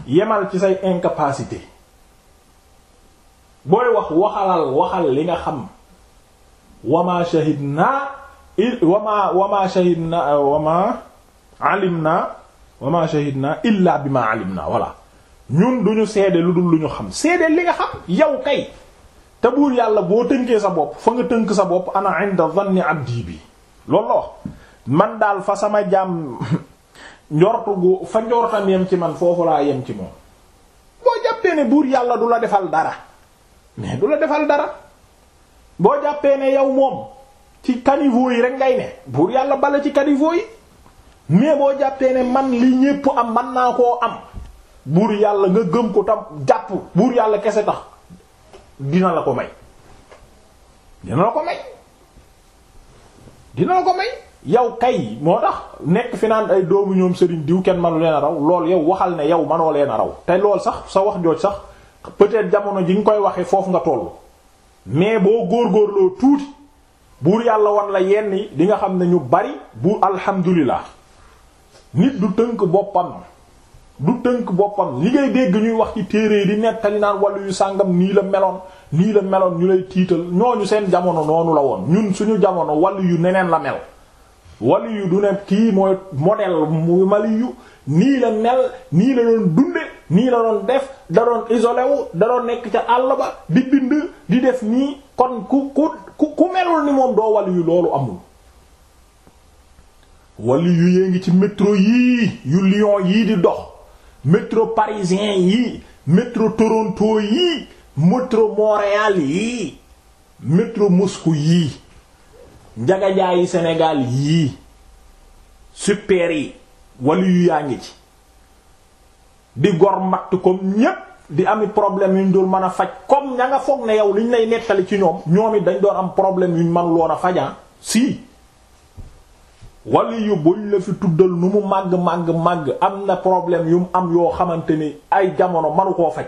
yemal ci say incapacité booy wax waxalal waxal li nga xam wama shahidna wama wama shahidna wama alimna wama shahidna illa bima alimna walla ñun duñu seede lu dul lu ñu xam seede li nga xam yow kay te buur yàlla boo tënkee sa bopp fa nga tënk sa bopp ana inda zanni abdi am loolu bi wax man daal fa sama jaam njortu gu fa njortam yem ci man foofu laa yem ci moom boo jàppee ne buur yàlla du la defal dara mais du la defal dara boo jàppee ne yow moom ci caniveau yi rek ngay ne buur yàlla bala ci caniveau yi mais boo jàppee ne man li ñépp am man naa koo am buur yàlla nga gëm ko tam jàpp buur yàlla kese tax dina la ko may dina la ko may dina la ko may yow kay moo tax nekk fi naan ay doomu ñoom sëriñ diw kenn manu leen a raw lool yow waxal ne yow manoo leen raw te lool sax sa wax jooj sax peut-être jamono ji nga koy waxee foofu nga tollu mais boo góor góorgóorloo tuuti buur yàlla wan la yenn yi di nga xam ne ñu bari bu alhamdulilah nit du tënk boppam du tënk boppam li ngay dégg ñuy wax ci téere di nettali naan wàllu yu sàngam nii la meloon nii la meloon ñu lay tiital ñooñu seen jamono noonu la woon ñun suñu jamono wàllu yu neneen la mel wàllu yu du ne kii mooy modèle mu mali yu nii la mel nii la doon dunde nii la doon def da doon isolé da doon nekk ca àll ba di bind di def nii kon ku ku ku melul ni moom doo wàllu yu loolu amul wàllu yu yée ngi ci métro yii yu Lyon yii di dox métro parisien yi métro Toronto yi métro Montréal yi métro Moscou yi njagajaayi Sénégal yi super yi wala yu yaa ngi ci di gor matt ko ñépp di ami problème yuñ dul mën a faj comme ña nga foog ne yow liñ lay nettali ci ñoom ñoom it dañ doon am problème yuñ mën loon a fajan ah. si waliyu buñ la fi tuddal nu mu màgg màgg màgg am na problème yu mu am yoo xamante ni ay jamono manu koo faj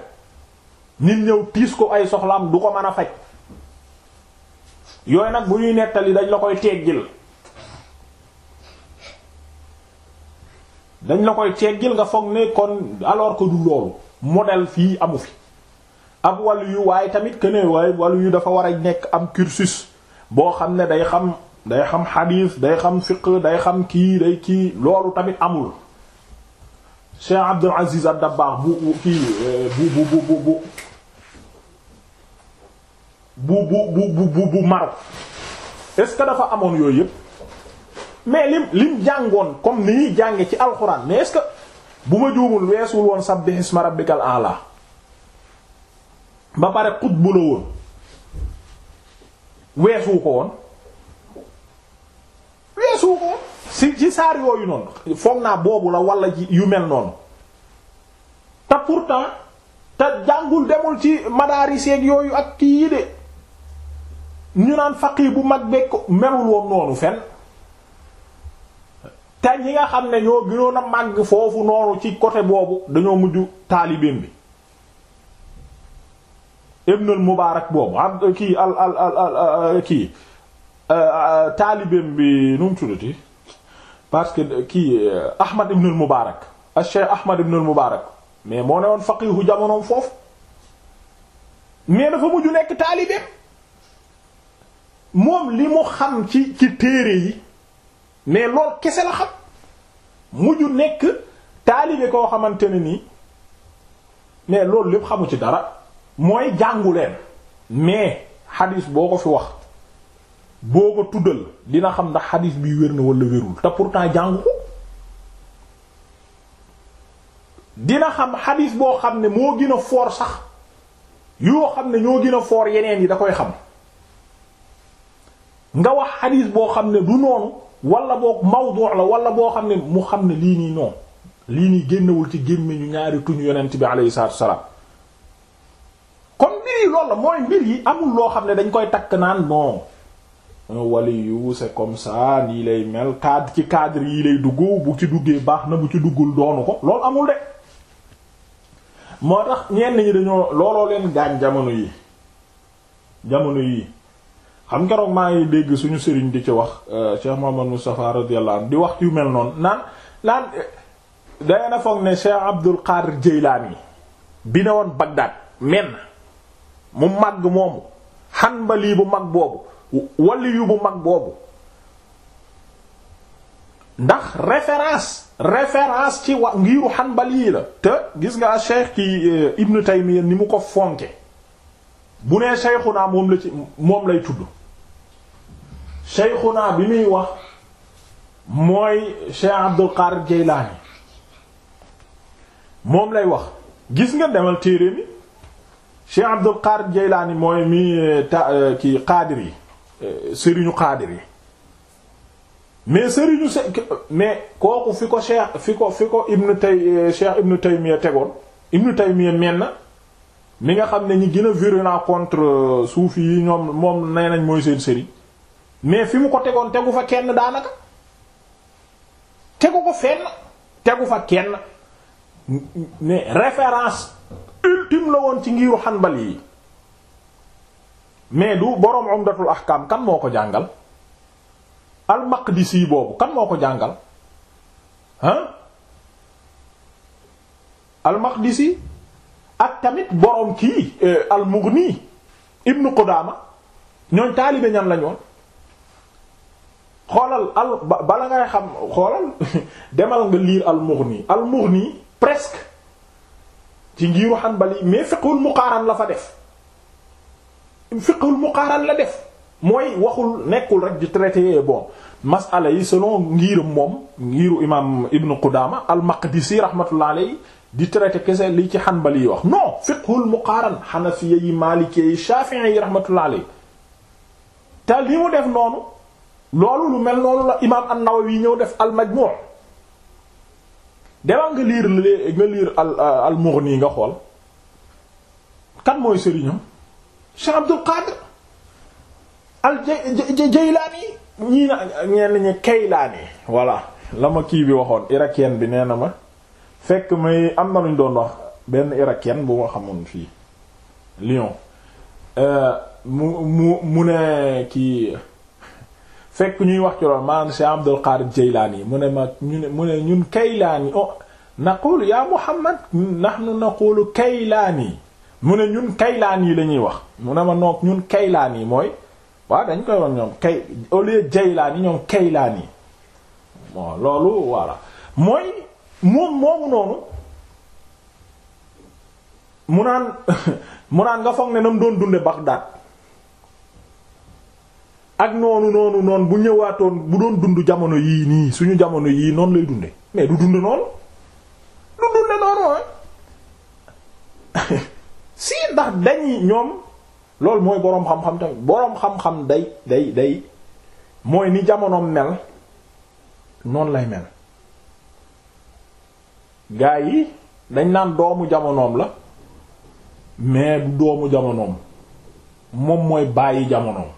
nit ñëw piis ko ay soxlaam du ko mën a faj yooyu nag bu ñuy nettali dañ la koy teggil dañ la koy teggil nga foog ne kon alors que du loolu modèle fii amu fi ab waliyu waaye tamit que ne waaye waliyu dafa war a nekk am cursus boo xam ne day xam. day xam xadiis day xam fiqh day xam kii day kii loolu tamit amul Cheikh Abdul Aziz ad-Dabbagh bu kii bu bu bu bu bu bu bu bu bu Maroc est-ce que dafa amoon yooyu yëpp mais lim lim jàngoon comme ni ñuy jànge ci alxuraan mais est bu ma juumul weesul woon sabbih isma rabbikal a'la ba pare xutbu la woon weesu ko woon weesu ko si ci saar yooyu noonu foog naa boobu la wala yu mel noonu te pourtant te jàngul demul ci madaaris yeeg yooyu ak kii yi de ñu naan faqi bu mag bekk melul woon noonu fenn te ñi nga xam ne ñoo gënoon a màgg foofu noonu ci côté boobu dañoo mujj taalibeem bi ibnul mubaarak boobu ab kii al al al kii Euh, euh, taalibeem bi nu mu tuddati parce que euh, kii Ahmad ibn al-Mubarak al-Cheikh ah, Ahmad ibn al-Mubarak mais moo ne woon faqiihu jamonoom foofu mais dafa mujj nekk taalibeem moom li mu xam ci ci téere yi mais lool kese la xam mujj nekk taalibe koo xamante ne nii mais loolu lépp xamu ci dara mooy jànguleen mais xadiis boo ko fi wax. boo ko tuddal dina xam ndax xadiis bi wér na wala wérul te pourtant jàngu ko dina xam xadiis boo xam ne moo gën a foor sax yoo xam ne ñoo gën a foor yeneen yi da koy xam nga wax xadiis boo xam ne du noonu wala boo mawdu la wala boo xam ne mu xam ne lii nii noonu lii nii génnewul ci gémmiñu ñaari tuñ yonent bi alayhi salaatu wassalaam kon mbir yi loolu la mooy mbir yi amul loo xam ne dañ koy takk naan non wali yu c'est comme ça mel cadre ci cadre yi dugg bu ci duggee baax na bu ci duggul doonu ko loolu amul de ñenn ñi dañoo looloo leen jamono yi jamono yi xam nga maa ngi dégg suñu sëriñ di ci wax euh, Cheikh Mouhamadou Moustapha radiyallahu anhu di wax yu mel noonu naan naan euh, dayana foog ne Cheikh Abdul Qadir Jeylaani bi ne woon Bagdad menn mu mag moomu Hanbali bu mag boobu waliyu bu mag boobu ndax référence référence ci wa ngiru Hanbali yi la te gis nga Cheikh ki eh, Ibn Taymiyya ni mu ko fonke bu ne Cheikhuna moom la ci moom lay tudd Cheikhuna bi muy wax mooy Cheikh Abdul Qadir Jeylaani moom lay wax gis nga demal téere mi Cheikh Abdul Qadir Jeylaani mooy mi eh, ta eh, ki Qadir yi sëriñu xaadir yi mais sëriñu se mais kooku fi ko cheikh fi ko fi ko ibnu tay cheikh ibnu Taymiyya tegoon ibnu Taymiyya men na mi nga xam ne ñi gën a virulent contre euh, suufi yi ñoom moom nee nañ mooy seen sëriñ mais fi mu ko tegoon tegu fa kenn daanaka tegu ko fenn tegu fa kenn mais référence ultime la woon ci ngiiru Hanbali yi mais du boroom umdatul ahkaam kan moo ko jàngal al-Maqdisi boobu kan moo ko jàngal ah al ak tamit boroom kii eh, al-Mughni ibnu Qudaama ñooñ taalibe ñan lañ xoolal al bala ngay xam xoolal demal nga liir al-Mughni al-Mughni presque ci ngiiru Hanbali mais fiqhul muqaaran la fa def fiqhul muqaaran la def mooy waxul nekkul rek di traité bon masala yi selon ngiiram moom ngiiru imam ibnu Qudaama al-Maqdisi di traité kese li ci Hanbali yi wax non fiqhul muqaaran Hanafiya yi Maalikee yi Shaafi'i yi rahmatullah te li mu def noonu loolu lu mel noonu la imam an-Nawawi ñëw def al-Majmu' demal nga euh, nga xool kan mooy sëriñam Cheikh Abdul Qadir al Jaylaani ñii na ñenn ñi Kaylaani voilà la ma kii bi waxoon irakien bi nee na ma fekk may am na lu ñu doon wax benn irakien bu ma xamoon fii Lyon euh, mu mu mu ne kii fekk ñuy wax ci loolu maanaam Cheikh Abdul Qadir Jaylaani mu ne ma ñu ne mu ne ñun Kaylaani oh naqulu ya Muhammad nahnu naqulu Kaylaani mu ne ñun kaylaan yi lañuy wax mu ne ma noog ñun kaylaan yi mooy waaw dañ koy wax ñoom kay au lieu jaylaan yi ñoom kaylaan yi bon loolu voilà mooy moom moomu noonu mu naan mu naan nga foog ne nam doon dunde Bagdad ak noonu noonu noonu bu ñëwaatoon bu doon dund jamono yii nii suñu jamono yii noonu lay dunde mais du dund noonu du dunde noonu si ndax dañ ñoom loolu mooy boroom xam-xam tamit boroom xam-xam day day day mooy ni jamonoom mel noonu lay mel gaa yi dañ naan doomu jamonoom la mais du doomu jamonoom moom mooy bàyyi jamonoom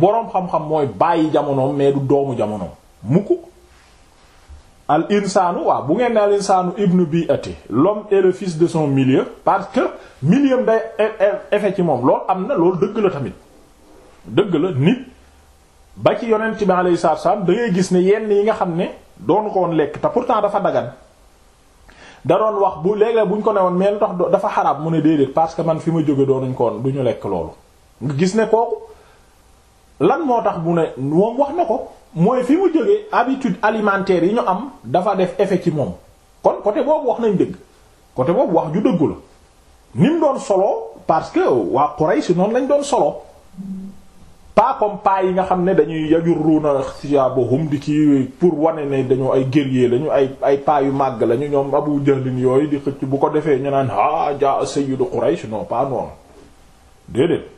boroom xam-xam mooy bàyyi jamonoom mais du doomu jamonoom mukk al insaanu waaw bu ngeen ne al insaanu ibnu bi ati l'homme est de son milieu parce que milieu day e, e, effet ci moom loolu am na loolu dëgg la tamit dëgg la nit ba ci yonent bi alayhi salaatu wasallam da ngay gis ne yenn yi nga xam ne doonu ko woon lekk te pour pourtant dafa dagan da doon wax bu léegi la bu ñu ko newoon mais tax dafa xaraab mu ne déedéet parce que man fi ma jóge doonuñ ko woon du ñu lekk loolu nga gis ne kooku lan moo tax mu ne moom wax na ko mooy fi mu jógee habitude alimentaire yi ñu am dafa def effet ci moom kon côté boobu wax nañ dëgg côté boobu wax ju dëggu la ni mu doon solo parce que waa Quraysh noonu lañ doon solo pas comme pas yi nga xam ne dañuy yajurruuna siyaabahum di kii pour wane ne dañoo ay guerrier lañu ay ay pas yu màgg lañu ñoom Abu Jahlin yooyu di xëcc bu ko defee ñu naan ah jaa sayyidu Quraysh non pas noonu déedéet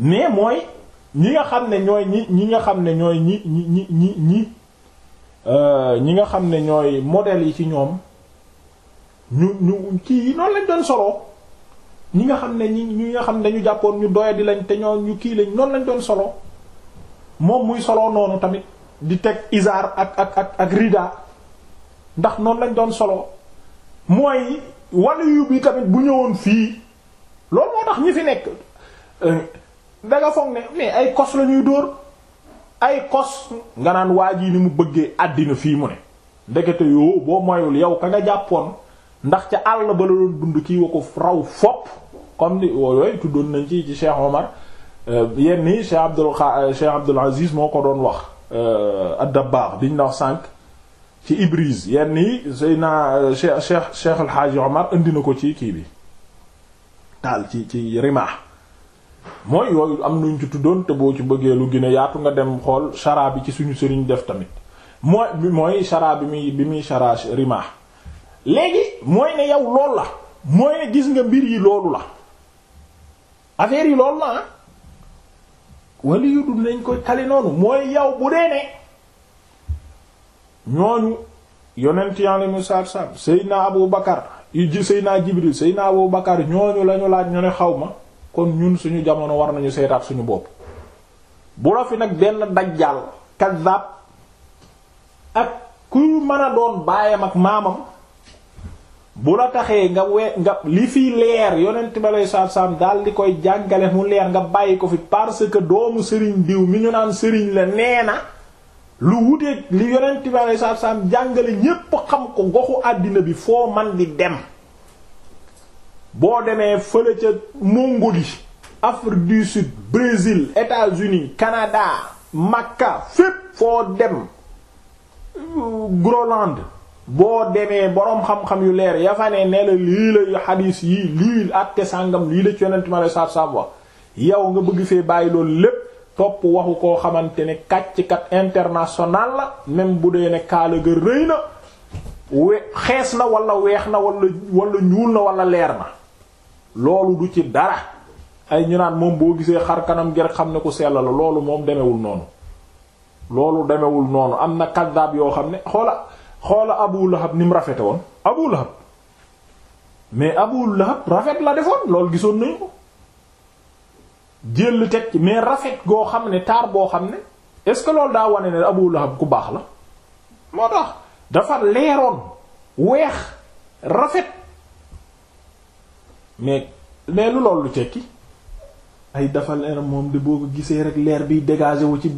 mais mooy. ñi nga xam ne ñooy ñi ñi nga xam ne ñooy ñi ñi ñi ñi ñi euh, ñi nga xam ne ñooy modèles yi ci ñoom ñu ñu kii noonu lañ doon solo ñi nga xam ne ñi ñi nga xam ne dañu jàppoon ñu doya di lañ te ñoo ñu kii lañ noonu lañ doon solo moom muy solo noonu tamit di teg isaar ak ak ak ak rida ndax noonu lañ doon solo mooy wàllu yu bi tamit bu ñëwoon fii loolu moo tax ñi fi nekk euh, da nga foog ne ay kos la ñuy dóor ay kos nga naan waa jii ni mu bëggee àddina fii mu ne ndekete yoo boo moywul yow ka nga jàppoon ndax ca àll ba la doon dund kii wa ko raw fopp comme ni yooyu tuddoon nañ ci ci Cheikh Omar euh, yenn nii Cheikh Abdul euh, Cheikh Abdul Aziz moo ko doon wax euh, ad-Dabbaax diñ la wax sànq ci Ibriz yenn nii Seyna Cheikh Cheikh Cheikh El Hadji Omar indi na ko ci kii bi daal ci ci Rimah mooy yooyu am nuñ ci tuddoon te boo ci bëggee lu gën yaatu nga dem xool chara bi ci suñu sëriñ def tamit mooy mooy chara bi muy bi muy léegi mooy ne yow lool la mooy ne gis nga mbir yi loolu la affaire yi loolu la ah yu dund nañ koy kale noonu mooy yow bu dee ne ñooñu yonent yàlla mu saab saab Seydina Abu Bakar ji naa Jibril Seydina Abu Bakar ñooñu lañu laaj ñu ne xaw ma. kon ñun suñu jamono war nañu seetaat suñu bopp bu la fi nag benn dajjal kazzab ak ku mën doon baayam ak maamam bu la taxee nga we nga li fi leer yonent ba lay saab-saab daal di koy jàngale mu leer nga bàyyi ko fi parce que doomu sëriñ diw mi ñu naan sëriñ la nee na lu wuteeg li yonent ba saab-saab jàngale ñépp xam ko goxu àddina bi foo man di dem boo demee fële ca Mongolie Afrique du Sud Brésil États-Unis Canada Makka fépp foo dem Groenland boo demee boroom xam-xam yu leer ya fa ne ne lii la yu xadiis yi lii àtte sàngam lii la ci yonent ma la saab-saab wax yow nga bëgg fee bàyyi loolu lépp topp waxu koo xamante ne kàcckat international la même bu dee ne kaala ga rëy na xees na walla weex na wala wala ñuul na wala leer na loolu du ci dara ay ñu naan moom boo gisee xar kanam gi xam ne ku sell loolu moom demewul noonu loolu demewul noonu am na kaddaab yoo xam ne xoola xoola Abu Lahab ni mu rafete woon Abu Lahab mais Abu Lahab rafet la defoon loolu gisoon nañu ko jël teg ci mais rafet goo xam ne taar boo xam ne est-ce que loolu daa wane ne Abu Lahab ku baax la moo tax dafa leeroon weex rafet mais mais lu loolu tekki ay dafa leen moom de boo ko gisee rek leer bi dégagé wu ci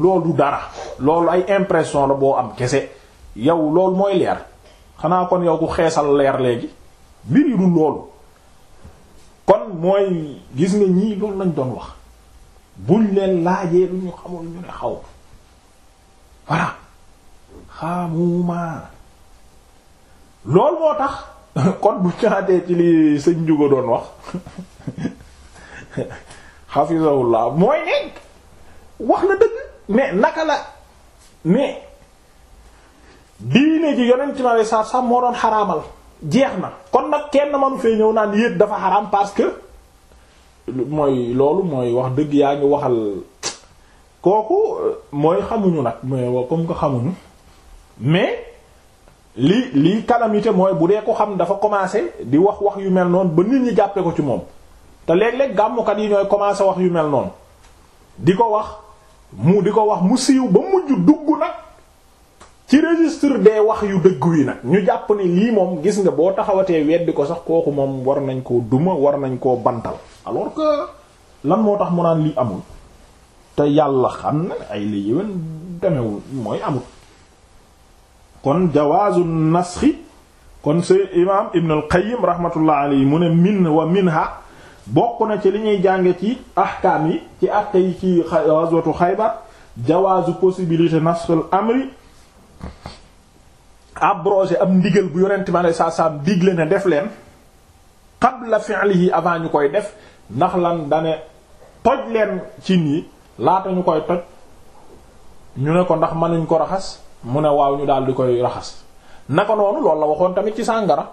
loolu dara loolu ay impression la boo am kese yow loolu mooy leer xanaa kon yow ku xeesal leer léegi mbir yi du loolu kon mooy gis nga ñii loolu lañ doon wax buñ leen laajee lu ñu xamul ñu ne xaw voilà xamuma loolu moo tax. kon bu ñaatee ci li sëñ Ndiouga doon wax laa mooy nekk wax na dëgg mais naka la mais diine ji yonent ci nawet sax sax moo doon xaramal jeex na kon nag kenn manu fee ñëw naan yéet dafa xaraam parce que mooy loolu mooy wax dëgg yaa ngi waxal kooku mooy xamuñu nag mais comme que xamuñu mais. li lii calamité mooy bu dee ko xam dafa commencé di wax wax yu mel noonu ba nit ñi jàppee ko ci moom te léeg-léeg gàmmukat yi ñooy commencé wax yu mel noonu di ko wax mu di ko wax mu siiw ba mujj dugg nag ci registre des wax yu dëgg yi nag ñu jàpp ni lii moom gis nga boo taxawatee weddi ko sax kooku moom war nañ koo duma war nañ koo bantal alors que lan moo tax mu naan lii amul te yàlla xam na ay li yéwén demewul mooy amul kon jawaazu nasxi kon sa imaam Ibn al-Qayyim rahmatullah alayhi mu ne min wa minha bokk na ci li ñuy jànge ci ahkaam yi ci àtte yi ci ghazwatu Xaybar jawaazu possibilité nasxul amri abrogé am ndigal bu yonent ma ne saa saa digle ne def leen qabla yi avant ñu koy def ndax lan dane toj leen cin yi laata ñu koy toj ñu ne ko ndax mënuñ ko raxas mu ne waaw ñu daal di koy raxas naka noonu loolu la waxoon tamit ci sàngara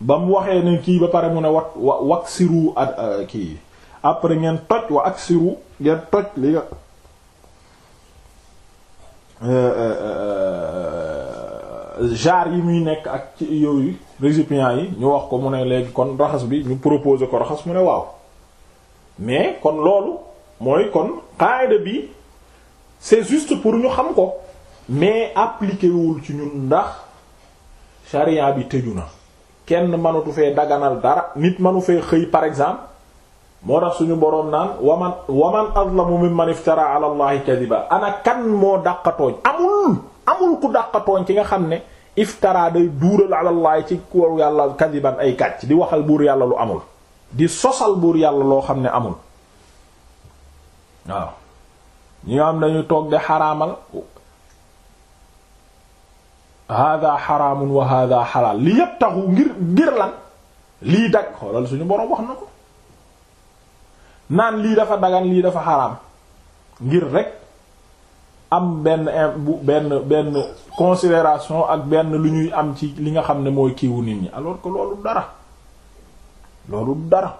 ba mu waxee ne kii ba pare mu ne wa wa siru ak euh, kii après ngeen toj wa ak siru ngeen toj li nga euh, euh, yi muy nekk ak ci yooyu récipients yi ñu wax ko mu ne léegi kon raxas bi ñu proposé ko raxas mu ne waaw mais kon loolu mooy kon qaida bi c'est juste pour ñu xam ko mais appliqué wul ci ñun ndax charia bi tëju na kenn mënatu fee daganal dara nit mënu fee xëy par exemple moo tax suñu borom naan waman waman azlamu mimman iftara ala allahi kadiba ana kan moo dàqatooñ amul amul ku dàqatooñ ci nga xam ne iftara day duural ala allahi ci kaw yàlla kadiban ay kàcc di waxal buur yàlla lu amul di sosal buur yàlla loo xam ne amul waaw ñi nga xam dañu toog de xaraamal wa hada xalaal li yépp taxu ngir ngir lan lii dag xoolal suñu boroom wax na ko naan lii dafa dagan lii dafa xaraam ngir rek am benn bu benn benn considération ak benn lu ñuy am ci li nga xam ne mooy kiiwu nit ñi alors que loolu dara loolu dara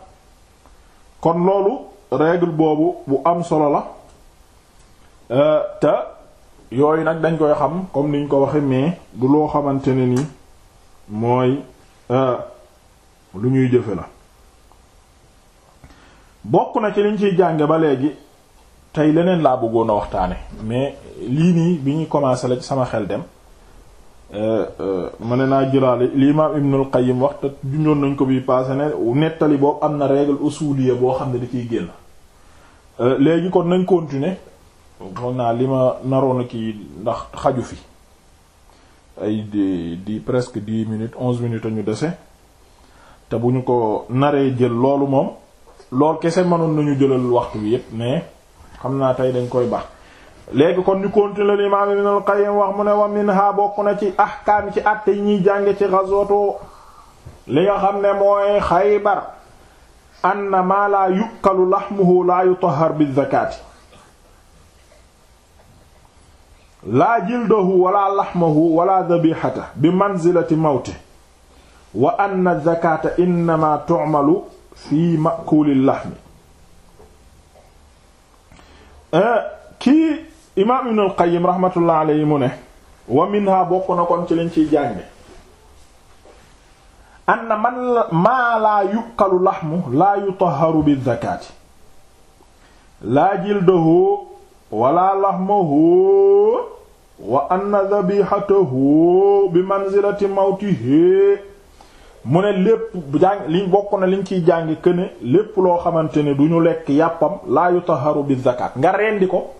kon loolu règle boobu bu am solo la Euh, te yooyu nag dañ koy xam comme niñ ko waxe mais du loo xamante ne ni mooy euh, lu ñuy jëfe la bokk na ci liñ ciy jànge ba léegi tey leneen laa bëggoon a waxtaane mais lii nii bi ñuy commencé la ci sama xel dem euh, ma ne naa lii li imaam Ibnul Qayyim wax te junjoon nañ ko bi passé ne nettali boobu am na règle usuliyya boo xam ne di ciy génn léegi kon nañ continuer foog naa li ma naroon kii ndax xaju fi ay di di presque dix minutes onze minutes ñu dese te bu ñu ko naree jël loolu moom lool kese mënoon nañu jëlal waxtu bi yépp mais xam naa tey dañ koy baax léegi kon ñu continuer li imaam Ibn al-Qayyim wax mu ne wa minha bokk na ci ahkaam ci àtte yi ñuy jànge ci ghazwatu li nga xam ne mooy Xaybar anna ma la yukalu lahmuhu la yutahhar bi zakati laa jildahu wala laxmahu wala dabixata bi manzilati mawte wa anna zakata innama tu'malu fi makulil laxmi eh, kii imaam ibn al qayyim rahmatullah alayhi mu ne wa minha bokk na ci liñ ciy jànge anna maa laa yuqalu laxmu laa yutaharu bi zakaati laa jildahu wala lahmahu wa anna dhabihatahu bi manzilati mawtihi mu ne lépp jàng liñ bokk na liñ ciy jàngi këne lépp loo xamante ne du ñu lekk yàppam laa yutaharu bi zakat nga rendi ko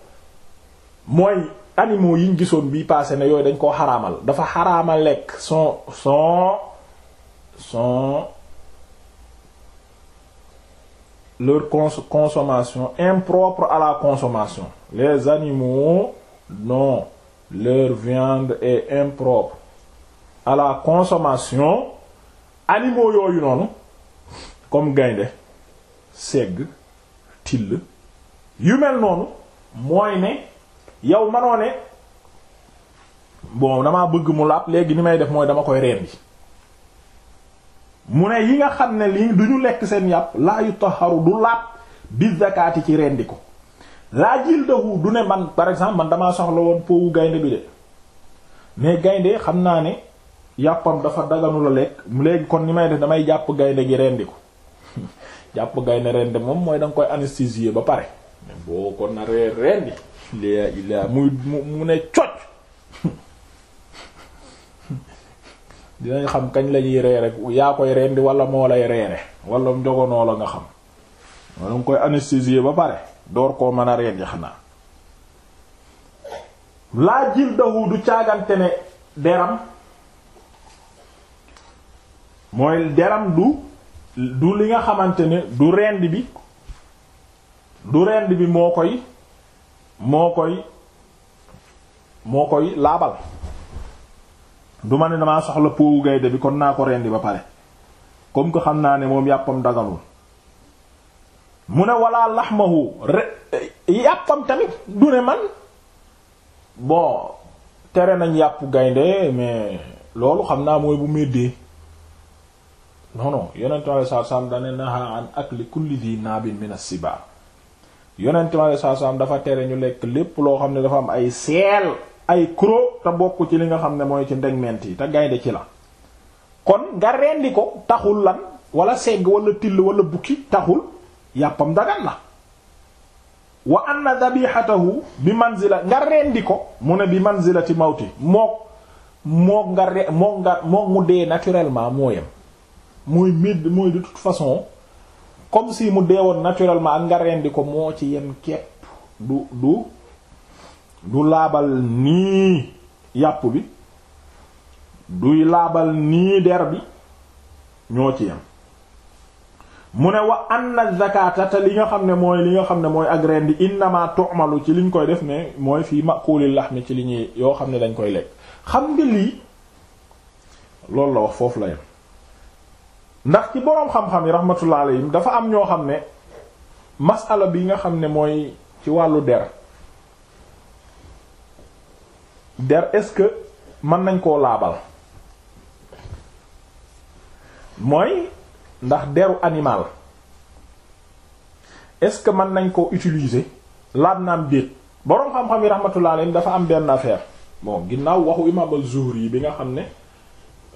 mooy animaux yiñ gisoon bii passé ne yooyu dañ koo xaraamal dafa xaraama lekk son son son leur consommation impropre à la consommation les animaux non leur viande et impropre à la consommation animaux yooyu noonu comme gaynde segg till yu mel noonu mooy ne yow manoo ne bon damaa bëgg mu lapp léegi ni may def mooy dama koy rendi mu ne yi nga xam ne lii du ñu lekk seen yàpp laayu yu taxaru du lapp bi zakaati ci rendi ko laa jil dahu du ne man par exemple man damaa soxla woon powu gaynde bi de mais gaynde xam naa ne yàppam dafa daganu la lekk léegi kon ni may def damay jàpp gaynde gi rendi ko jàpp gaynde rendi moom mooy da koy anesthésier ba pare boo ko naree rendi mu ne cocc dinañ xam kañ lañuy ree rek yaa koy rendi wala moo lay reere nga xam danga koy anesthésier ba pare door koo mën a rendi xanaa laa jildahu du caagante ne deram mooy deram du du li nga xamante ne du rend bi du rend bi moo koy moo koy moo koy laabal du ma ne damaa soxla poowu gaynde bi kon naa ko rendi ba pare comme que xam naa ne moom yàppam daganul mu ne wala laxmahu re eh, yàppam tamit du ne man bon tere nañ yàpp gaynde mais loolu xam naa mooy bu méddee non non yonentu Yàlla saa dane naha an akli kulli dhi siba yonentu Yàlla saa dafa tere ñu lekk lépp loo xam ne dafa am ay seel ay kuro te bokk ci li nga xam ne mooy ci ndegment yi te gaynde ci la kon nga rendi ko taxul lan wala segg wala till wala bukki taxul yàppam dagan na wa anna dabihatahu bi mansila nga rendi ko mu ne bi manzilati mawti mook mook nga re mook nga mook mu dee naturellement moo yem mooy mid mooy de toute façon comme si mu dee woon naturellement ak nga rendi ko moo ci yem képp du du du laabal nii yàpp bi duy laabal nii der bi ñoo ci yem mu ne wa anna zakata te li nga xam ne mooy li nga xam ne mooy ak reen di innama tu'malu ci ñu koy def ne mooy fii maqulil lahmi ci li ñuy yoo xam ne dañ koy lekk xam nga lii loolu la wax foofu la ndax ci boroom xam-xam yi rahmatullah alayhim dafa am ñoo xam ne masala bi nga xam ne mooy ci wàllu der der est-ce que mën nañ koo laabal mooy ndax deru animal est-ce que mën nañ ko utiliser laab naam déet boroom xam-xam yi rahmatullah alayhi dafa am benn affaire bon ginnaaw waxu imam az yi bi nga xam ne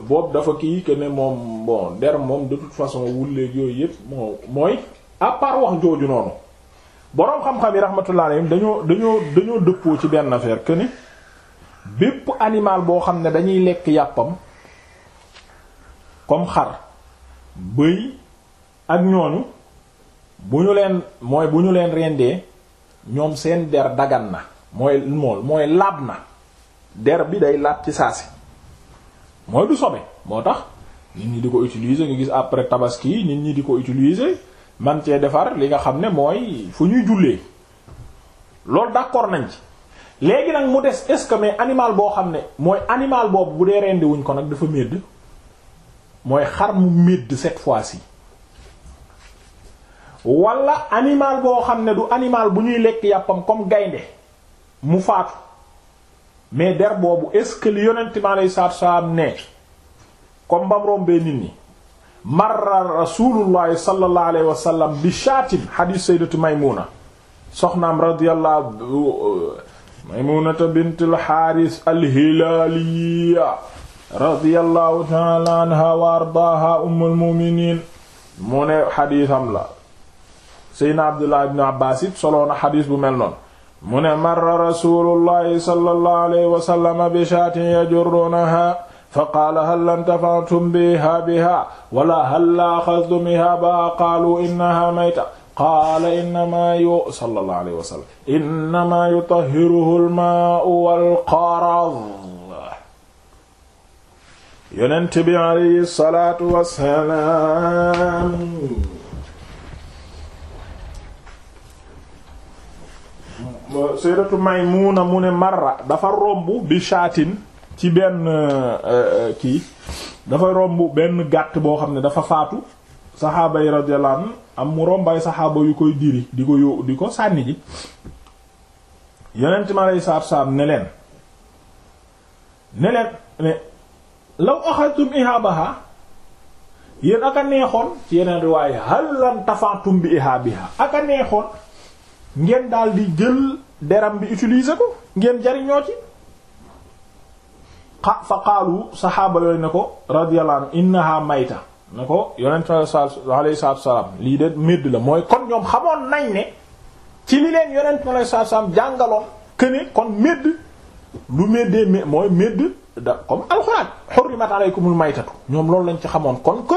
boobu dafa kii que ne moom bon der moom de toute façon wulleeg yooyu yëpp moo mooy à part wax jooju noonu boroom xam-xam yi rahmatullah alayhi dañoo dañoo dañoo dëppoo ci benn affaire que ne bépp animal boo xam ne dañuy lekk yàppam comme xar bëy ak ñooñu bu ñu leen mooy bu ñu leen rendee ñoom seen der dagan na mooy mool mooy laab na der bi day laab ci saa si mooy du sobe moo tax nit ñi di ko utiliser nga gis après tabaski yi nit ñi di ko utiliser man cee defar li nga xam ne mooy fu ñuy jullee loolu d'accord nañ ci léegi nag mu des est-ce que mais animal boo xam ne mooy animal boobu bu dee rendi wuñ ko nag dafa medd mooy xar mu médd cette fois-ci wala animal boo xam ne du animal bu ñuy lekk yàppam comme gaynde mu faatu mais der boobu est-ce que li yonent ne comme bam rombee nit ñi marra rasulullahi sallallahu alayhi bi shaatin hadith sayyidatu maymuna soxnaam radiyallahu maymunata bint al-haaris radiyallahu taala anha wa ardaaha ummul mu'minin mu ne xadiisam la seydna abdullah ibn abbaas it soloona xadiis bu mel noonu mu ne marra rasulullahi sallallahu alayhi wa sallam bi shaatin yajurrunaha fa qaala hal intafa'tum biha biha wala hal axadtum biha ba qaalu innaha mayta qaala innamaa yu sallallahu alayhi wa sallam innamaa yutahhiruhu al-maa'u wal-qarad yonent bi alayhi salaatu wassalaam sayyidatu Maymuna mu ne marra dafa romb bi shaatin ci benn euh, euh, kii dafa romb benn gàtt boo xam ne dafa faatu saxaaba yi radiyallahu anhu am mu rombaay saxaaba yu koy diri di ko yóbbu di ko sànni ji yonent mi alayhi salaatu wassalaam ne leen ne leen law axadtum yenn yéen aka neexoon ci yeneen riwaay hal lan tafantum bi ihaabiha aka neexoon ngeen daal di jël deram bi utiliser ko ngeen jariñoo ci xa fa qaalu saxaaba yooyu ne ko radiyallahu anhu innaha mayta ne ko yonent alayhi salaatu salaam lii de médd la mooy kon ñoom xamoon nañ ne ci li leen yonent alayhi salaatu jàngaloon këne kon médd lu méddee mooy médd da comme alxuraan hurrimat alaykumul maytatu ñoom loolu lañ ci xamoon kon que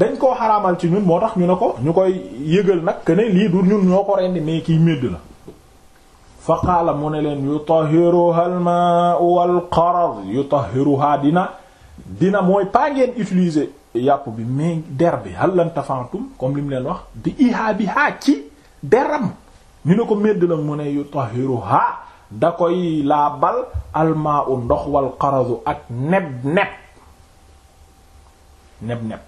dañ koo xaraamal ci ñun moo tax ñu ne ko ñu koy yëgal nag que lii du ñun ñoo ko rendi mais kiy médd la fa qaala mu ne leen yu al ma'u wal qarad yutahiruha dina dina mooy pas ngeen utiliser yàpp bi mais der bi hal lan tafantum comme lim leen wax di ihaa bi haa ci deram ñu ne ko médd la mu ne yutahiruha da koy laabal almaa u ndox wal xarasu ak neb neb neb neb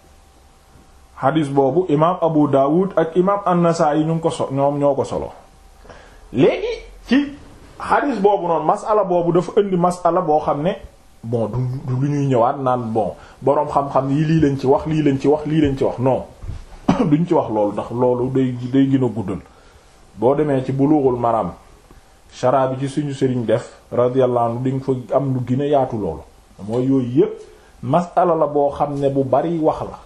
xadis boobu imaam Abu Dawud ak imaam An-Nasa'i ñu ko ñoom ñoo ko solo léegi ci xadis boobu noonu masala boobu dafa indi masala boo xam ne bon du lu ñuy ñëwaat naan bon boroom xam-xam yi lii lañ ci wax lii lañ ci wax lii lañ ci wax non duñ ci wax loolu ndax loolu day day gën guddal boo demee ci Bulughul Maram chara bi ci suñu sëriñ def radiyallahu anhu di nga fa am lu gën a yaatu loolu mooy yooyu yépp masala la boo xam ne bu bari wax la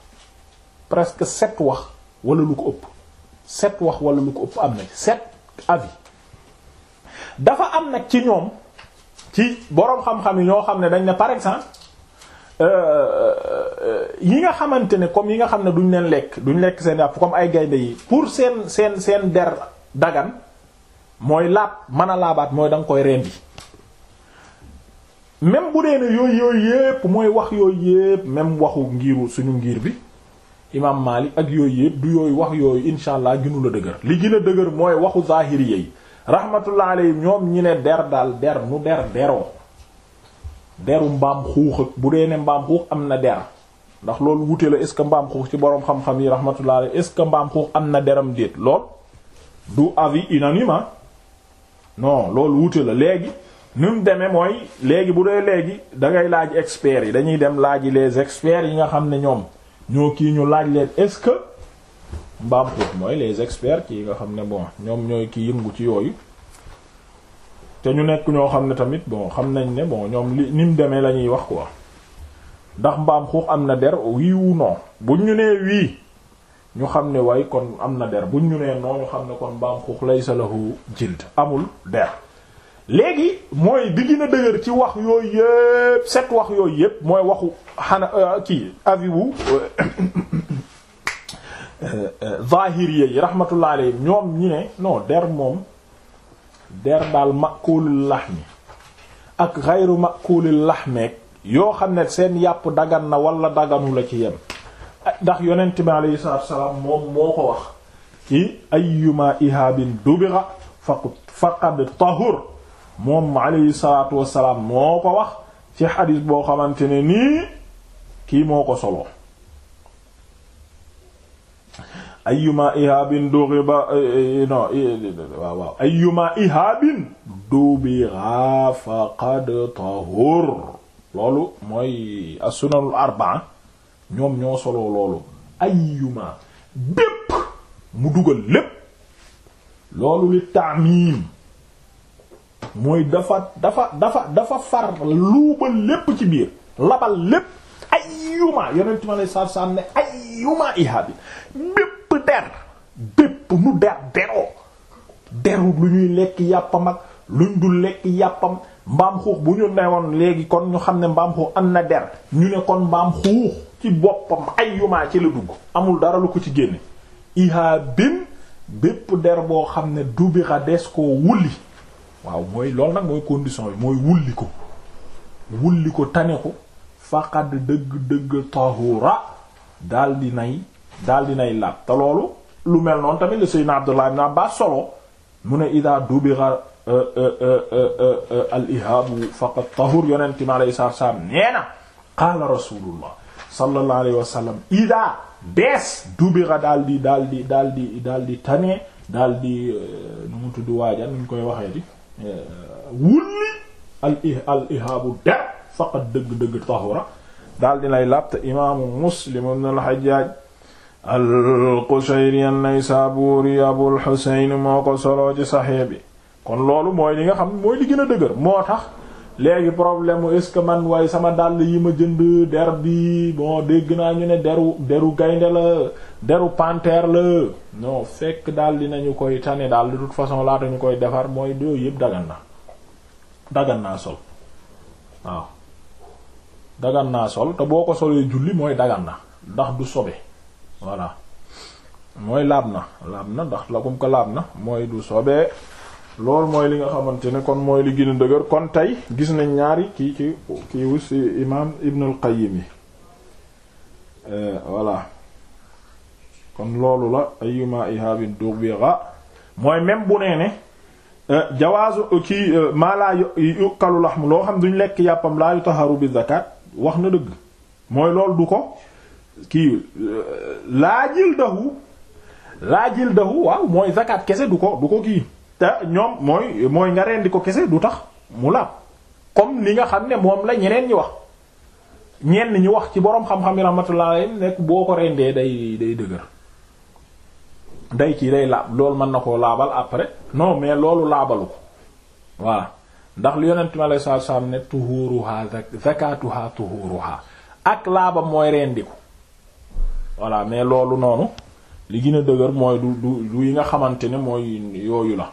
presque sept wax walla lu ko ëpp sept wax wala lu ko ëpp am na ci sept avis dafa am nag ci ñoom ci boroom xam-xam yi ñoo xam ne dañ ne par exemple euh, euh, yi nga xamante ne comme yi nga xam ne duñ leen lekk duñ lekk seen yàpp comme ay gaynde yi pour seen seen seen der dagan mooy laab mën a laabaat mooy danga nga koy rendi même bu dee ne yooyu yooyu yépp mooy wax yooyu yépp même waxu ngiru suñu ngiir bi imaam Maalik ak yooy yépp du yooyu wax yooyu insha allah gënu la dëgër li gën dëgër mooy waxu zahiri yi rahmatullah alayhim ñoom ñi ne der daal der mu der deroo deru mbaam xuux ak bu dee ne mbaam xuux am na der ndax loolu wute la est ce que mbaam xuux ci boroom xam-xam yi rahmatullah alayhi est ce que mbaam xuux am na deram déet lool du avis unanime ah. non loolu wute la léegi ni mu demee mooy léegi bu dee léegi da ngay laaj experts yi dañuy dem laaji les experts yi nga xam ne ñoom ñoo kii ñu laaj leen est-ce que mbaam xuux mooy les experts yi nga xam ne bon ñoom ñooy kii yëngu ci yooyu te ñu nekk ñoo xam ne tamit bon xam nañ ne bon ñoom li ni mu demee la ñuy wax quoi ndax mbaam xuux am na der wii noo non ñu nee wii ñu xam ne way kon am na der buñ ñu nee noo xam ne kon mbaam lay laysa lahu jild amul der léegi mooy bi gën dëgër ci wax yooyu yépp set wax yooyu yépp mooy waxu xana euh, kii avis wu euh, zahiriya yi rahmatullah alayhim ñoom ñi ne non der moom der daal makulul laxmi ak xayru makulul laxmeek yoo xam ne seen yàpp dagan na walla daganu la ci yem ndax yonent bi aleyhi salaatu wa salaam moom moo ko wax ci ayyuma ihaabin dubira faqad faqad tahur moom aleyhi salaatu wa salaam moo ko wax ci xadis boo xamante ne nii kii moo ko solo ayyuma ihaabin duriba non waaw waaw ayyuma ihaabin dubira faqad tahur loolu mooy as-sunanul arba'a ñoom ñoo soloo loolu ayyuma bépp mu dugal lépp loolu li taamim mooy dafa dafa dafa dafa far luubal lépp ci biir labal lépp ayyuma yonent ma lay saar saar ne ayyuma ihabi bépp der bépp nu der deroo deru lu ñuy lekk yàppam ak luñ dul lekk yàppam mbaam xuux bu ñu newoon léegi kon ñu xam ne mbaam xuux am na der ñu ne kon mbaam xuux ci boppam ayyumaa ci la dugg amul dara lu ko ci génne ihaa bin bépp der boo xam ne dubira des koo wulli waaw mooy loolu nag mooy condition bi mooy wulli ko wulli ko tane ko dëgg-dëgg tahura daal di nay daal di nay laab te loolu lu mel noonu tamit la seydna Abdullah ibn Abbas solo mu ne ida dubira e, e, e, al ihaabu faqad tahur yonente mi aleyhi salaatu nee na qaala rasulullah sallallahu alayhi wa sallam ida bees dubira daal di daal di daal di daal di tane daal di eh, nu mu tudd waaja nuñ koy waxee di eh, wulli al al ihaabu der faqat dëgg-dëgg tahura daal di lay làpte imaamu muslim ibn al hajjaj al-Qushayri an-Naysaburi Abul Husayn moo ko soloo ci saxee bi kon loolu mooy li nga xam mooy li gën a dëgër moo tax léegi problème mu est-ce que man waaye sama dàll yi ma jënd der bi bon dégg naa ñu ne deru deru gaynde la deru panthère la non fekk daal nañu koy tane daal de toute façon laata ñu koy defar mooy yooyu yëpp dagan na dagan naa sol waaw dagan naa sol te boo ko solee julli mooy dagan na ndax du sobe voilà mooy laab na laab na ndax la kum ko laab na mooy du sobe loolu mooy li nga xamante ne kon mooy li gën dëgër kon tey gis nañ ñaari kii ci kii wu si imaam Ibnul Qayyim yi eh, voilà kon loolu la ayyuma ihabin dubira mooy même bu nee ne eh, jawaazu eh, kii maa laa yukalu laxmu loo xam duñ lekk yàppam laa yu taharu bi zakat wax na dëgg mooy loolu du ko kii laa jildahu laa jildahu waaw mooy zakat kese du ko du ko kii te ñoom mooy mooy nga di ko kese du tax mu laab comme li nga xam ne moom la ñeneen ñi wax ñenn ñi wax ci boroom xam-xam yi rahmatullah nekk boo ko rendee day day dëgër day ci day laab loolu mën na ko laabal après non mais loolu laabalu ko voilà ndax lu yonent mi alayhi salaatu salaam ne tuhuruha zakatuha tuhuruha ak laaba mooy rendiku voilà mais loolu noonu li gën a dëgër mooy du du yi nga xamante ne mooy yooyu la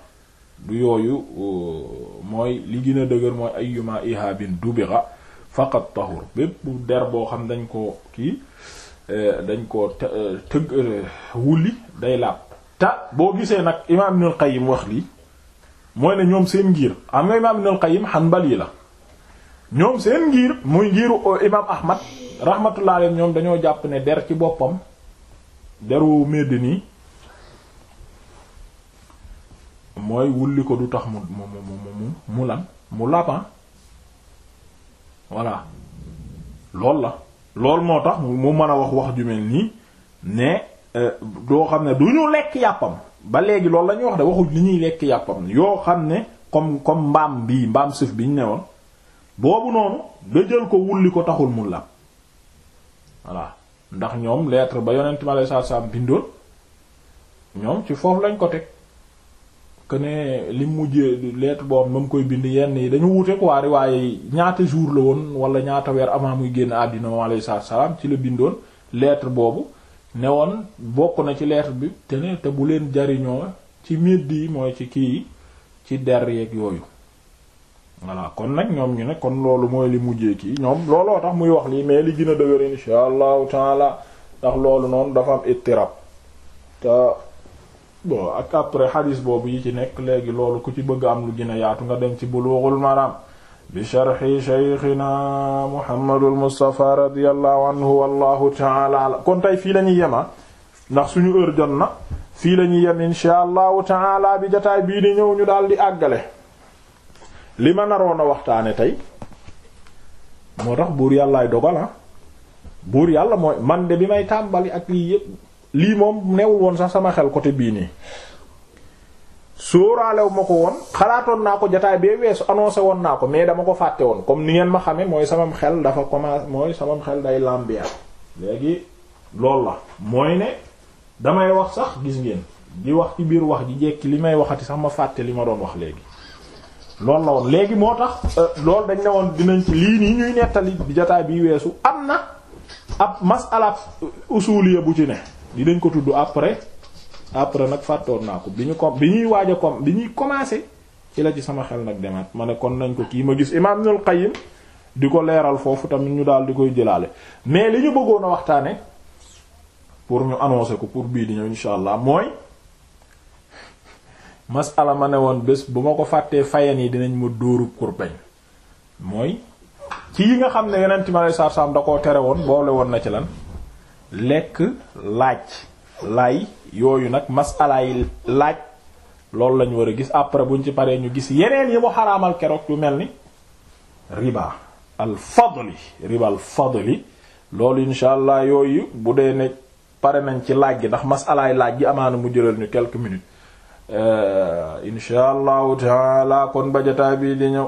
du yooyu euh, mooy li gën a dëgër mooy ayyuma ihabin dubira faqat tahur bépp der boo xam dañ ko kii euh, dañ ko euh, tëgg wulli day laab ta boo gisee nag imaam Ibnul Qayyim wax lii mooy ne ñoom seen ngir am nga imaam Ibnul Qayyim Hanbali la ñoom seen ngir muy ngiru imaam Ahmad rahmatullah alayhi ñoom dañoo jàpp ne der ci boppam deru Médine mooy wulli ko du tax mu mu mu mu mu lan mu lappan voilà lool la lool moo tax mu mën a wax wax ju mel nii ne euh, doo xam ne du ñu lekk yàppam ba léegi lool la ñuy wax de waxuñ li ñuy lekk yàppam yoo xam ne comme comme mbaam bii mbaam suuf bi ñu ne woon boobu noonu da jël ko wulli ko taxul mu làpp voilà ndax ñoom lettre ba yonent mi aleyhis salâtou was salâm ñoom ci foofu lañ ko teg que ne li mujjee lettre boobu xam ba mu koy bind yenn yi dañu wute quoi waaye ñaata jour la woon wala ñaata weer avant muy génn àddina moom alayhi salaam ci la bindoon lettre boobu ne woon bokk na ci lettre bi te ne te bu leen jariñoo ci medd yi mooy ci kii ci der yeeg yooyu voilà kon nag ñoom ñu ne kon loolu mooy li mujjee kii ñoom looloo tax muy wax lii mais li gën a dëgër insha allahu ndax loolu noonu dafa am ittirab te bon ak après xadis boobu yi ci nekk léegi loolu ku ci bëgg am lu gën a nga dem ci bulughul maram bi sharxi sheykhina muhammadul mustafa radiallahu anhu wallahu taala ala kon tey fii lañuy ñuy yema ah, ndax suñu heure jot na fii la ñuy yem insha allahu taala bi jataay bii di ñëw ñu daal di àggale li ma naroon a waxtaane tey moo tax buur yàllaay dogal ah buur yàlla mooy man de bi may tàmbali ak lii yépp lii moom newul woon sax sama xel côté bii nii sóoraalew ma ko woon xalaatoon naa ko jataay bee weesu annoncé woon naa ko mais dama ko fàtte woon comme ni ngeen ma xame mooy sama xel dafa commencé mooy sama xel day làmbeer léegi loolu la mooy ne damay wax sax gis ngeen di wax ci biir wax ji jekki li may waxati sax ma fàtte li ma doon wax léegi loolu la woon léegi moo tax euh, loolu dañ ne woon dinañ lii nii ñuy nettali jataay bi weesu am na ab masala usuliya bu ci ne dinañ ko tudd après après nag fàttoon naa ko bi ñu ko bi ñuy waaj a com bi ñuy commencé ci la ci sama xel nag demaat ma ne kon nañ ko kii ma gis imaam Ibnul Qayyim di ko leeral foofu tamit ñu daal di koy jëlaale mais li ñu bëggoon a waxtaane pour ñu annoncer ko pour bii di ñëw insha allah mooy masala ma ne woon bés bu ma ko fàttee fayen yi dinañ ma dóoru kurbañ mooy ci yi nga xam ne yeneen ma lay saar saam da koo tere woon boole woon na ci lan lekk laaj lay yooyu nag masalaay laaj loolu lañ war a gis après bu buñ ci paree ñu gis yeneen yi mu xaraamal keroog yu mel ni riba al fadli riba al fadli loolu insha allah yooyu bu dee ne pare nañ ci laaj gi ndax masalaay laaj gi amaana mu jëlal ñu quelques minutes euh, insha allahu kon bajataay bii di ñëw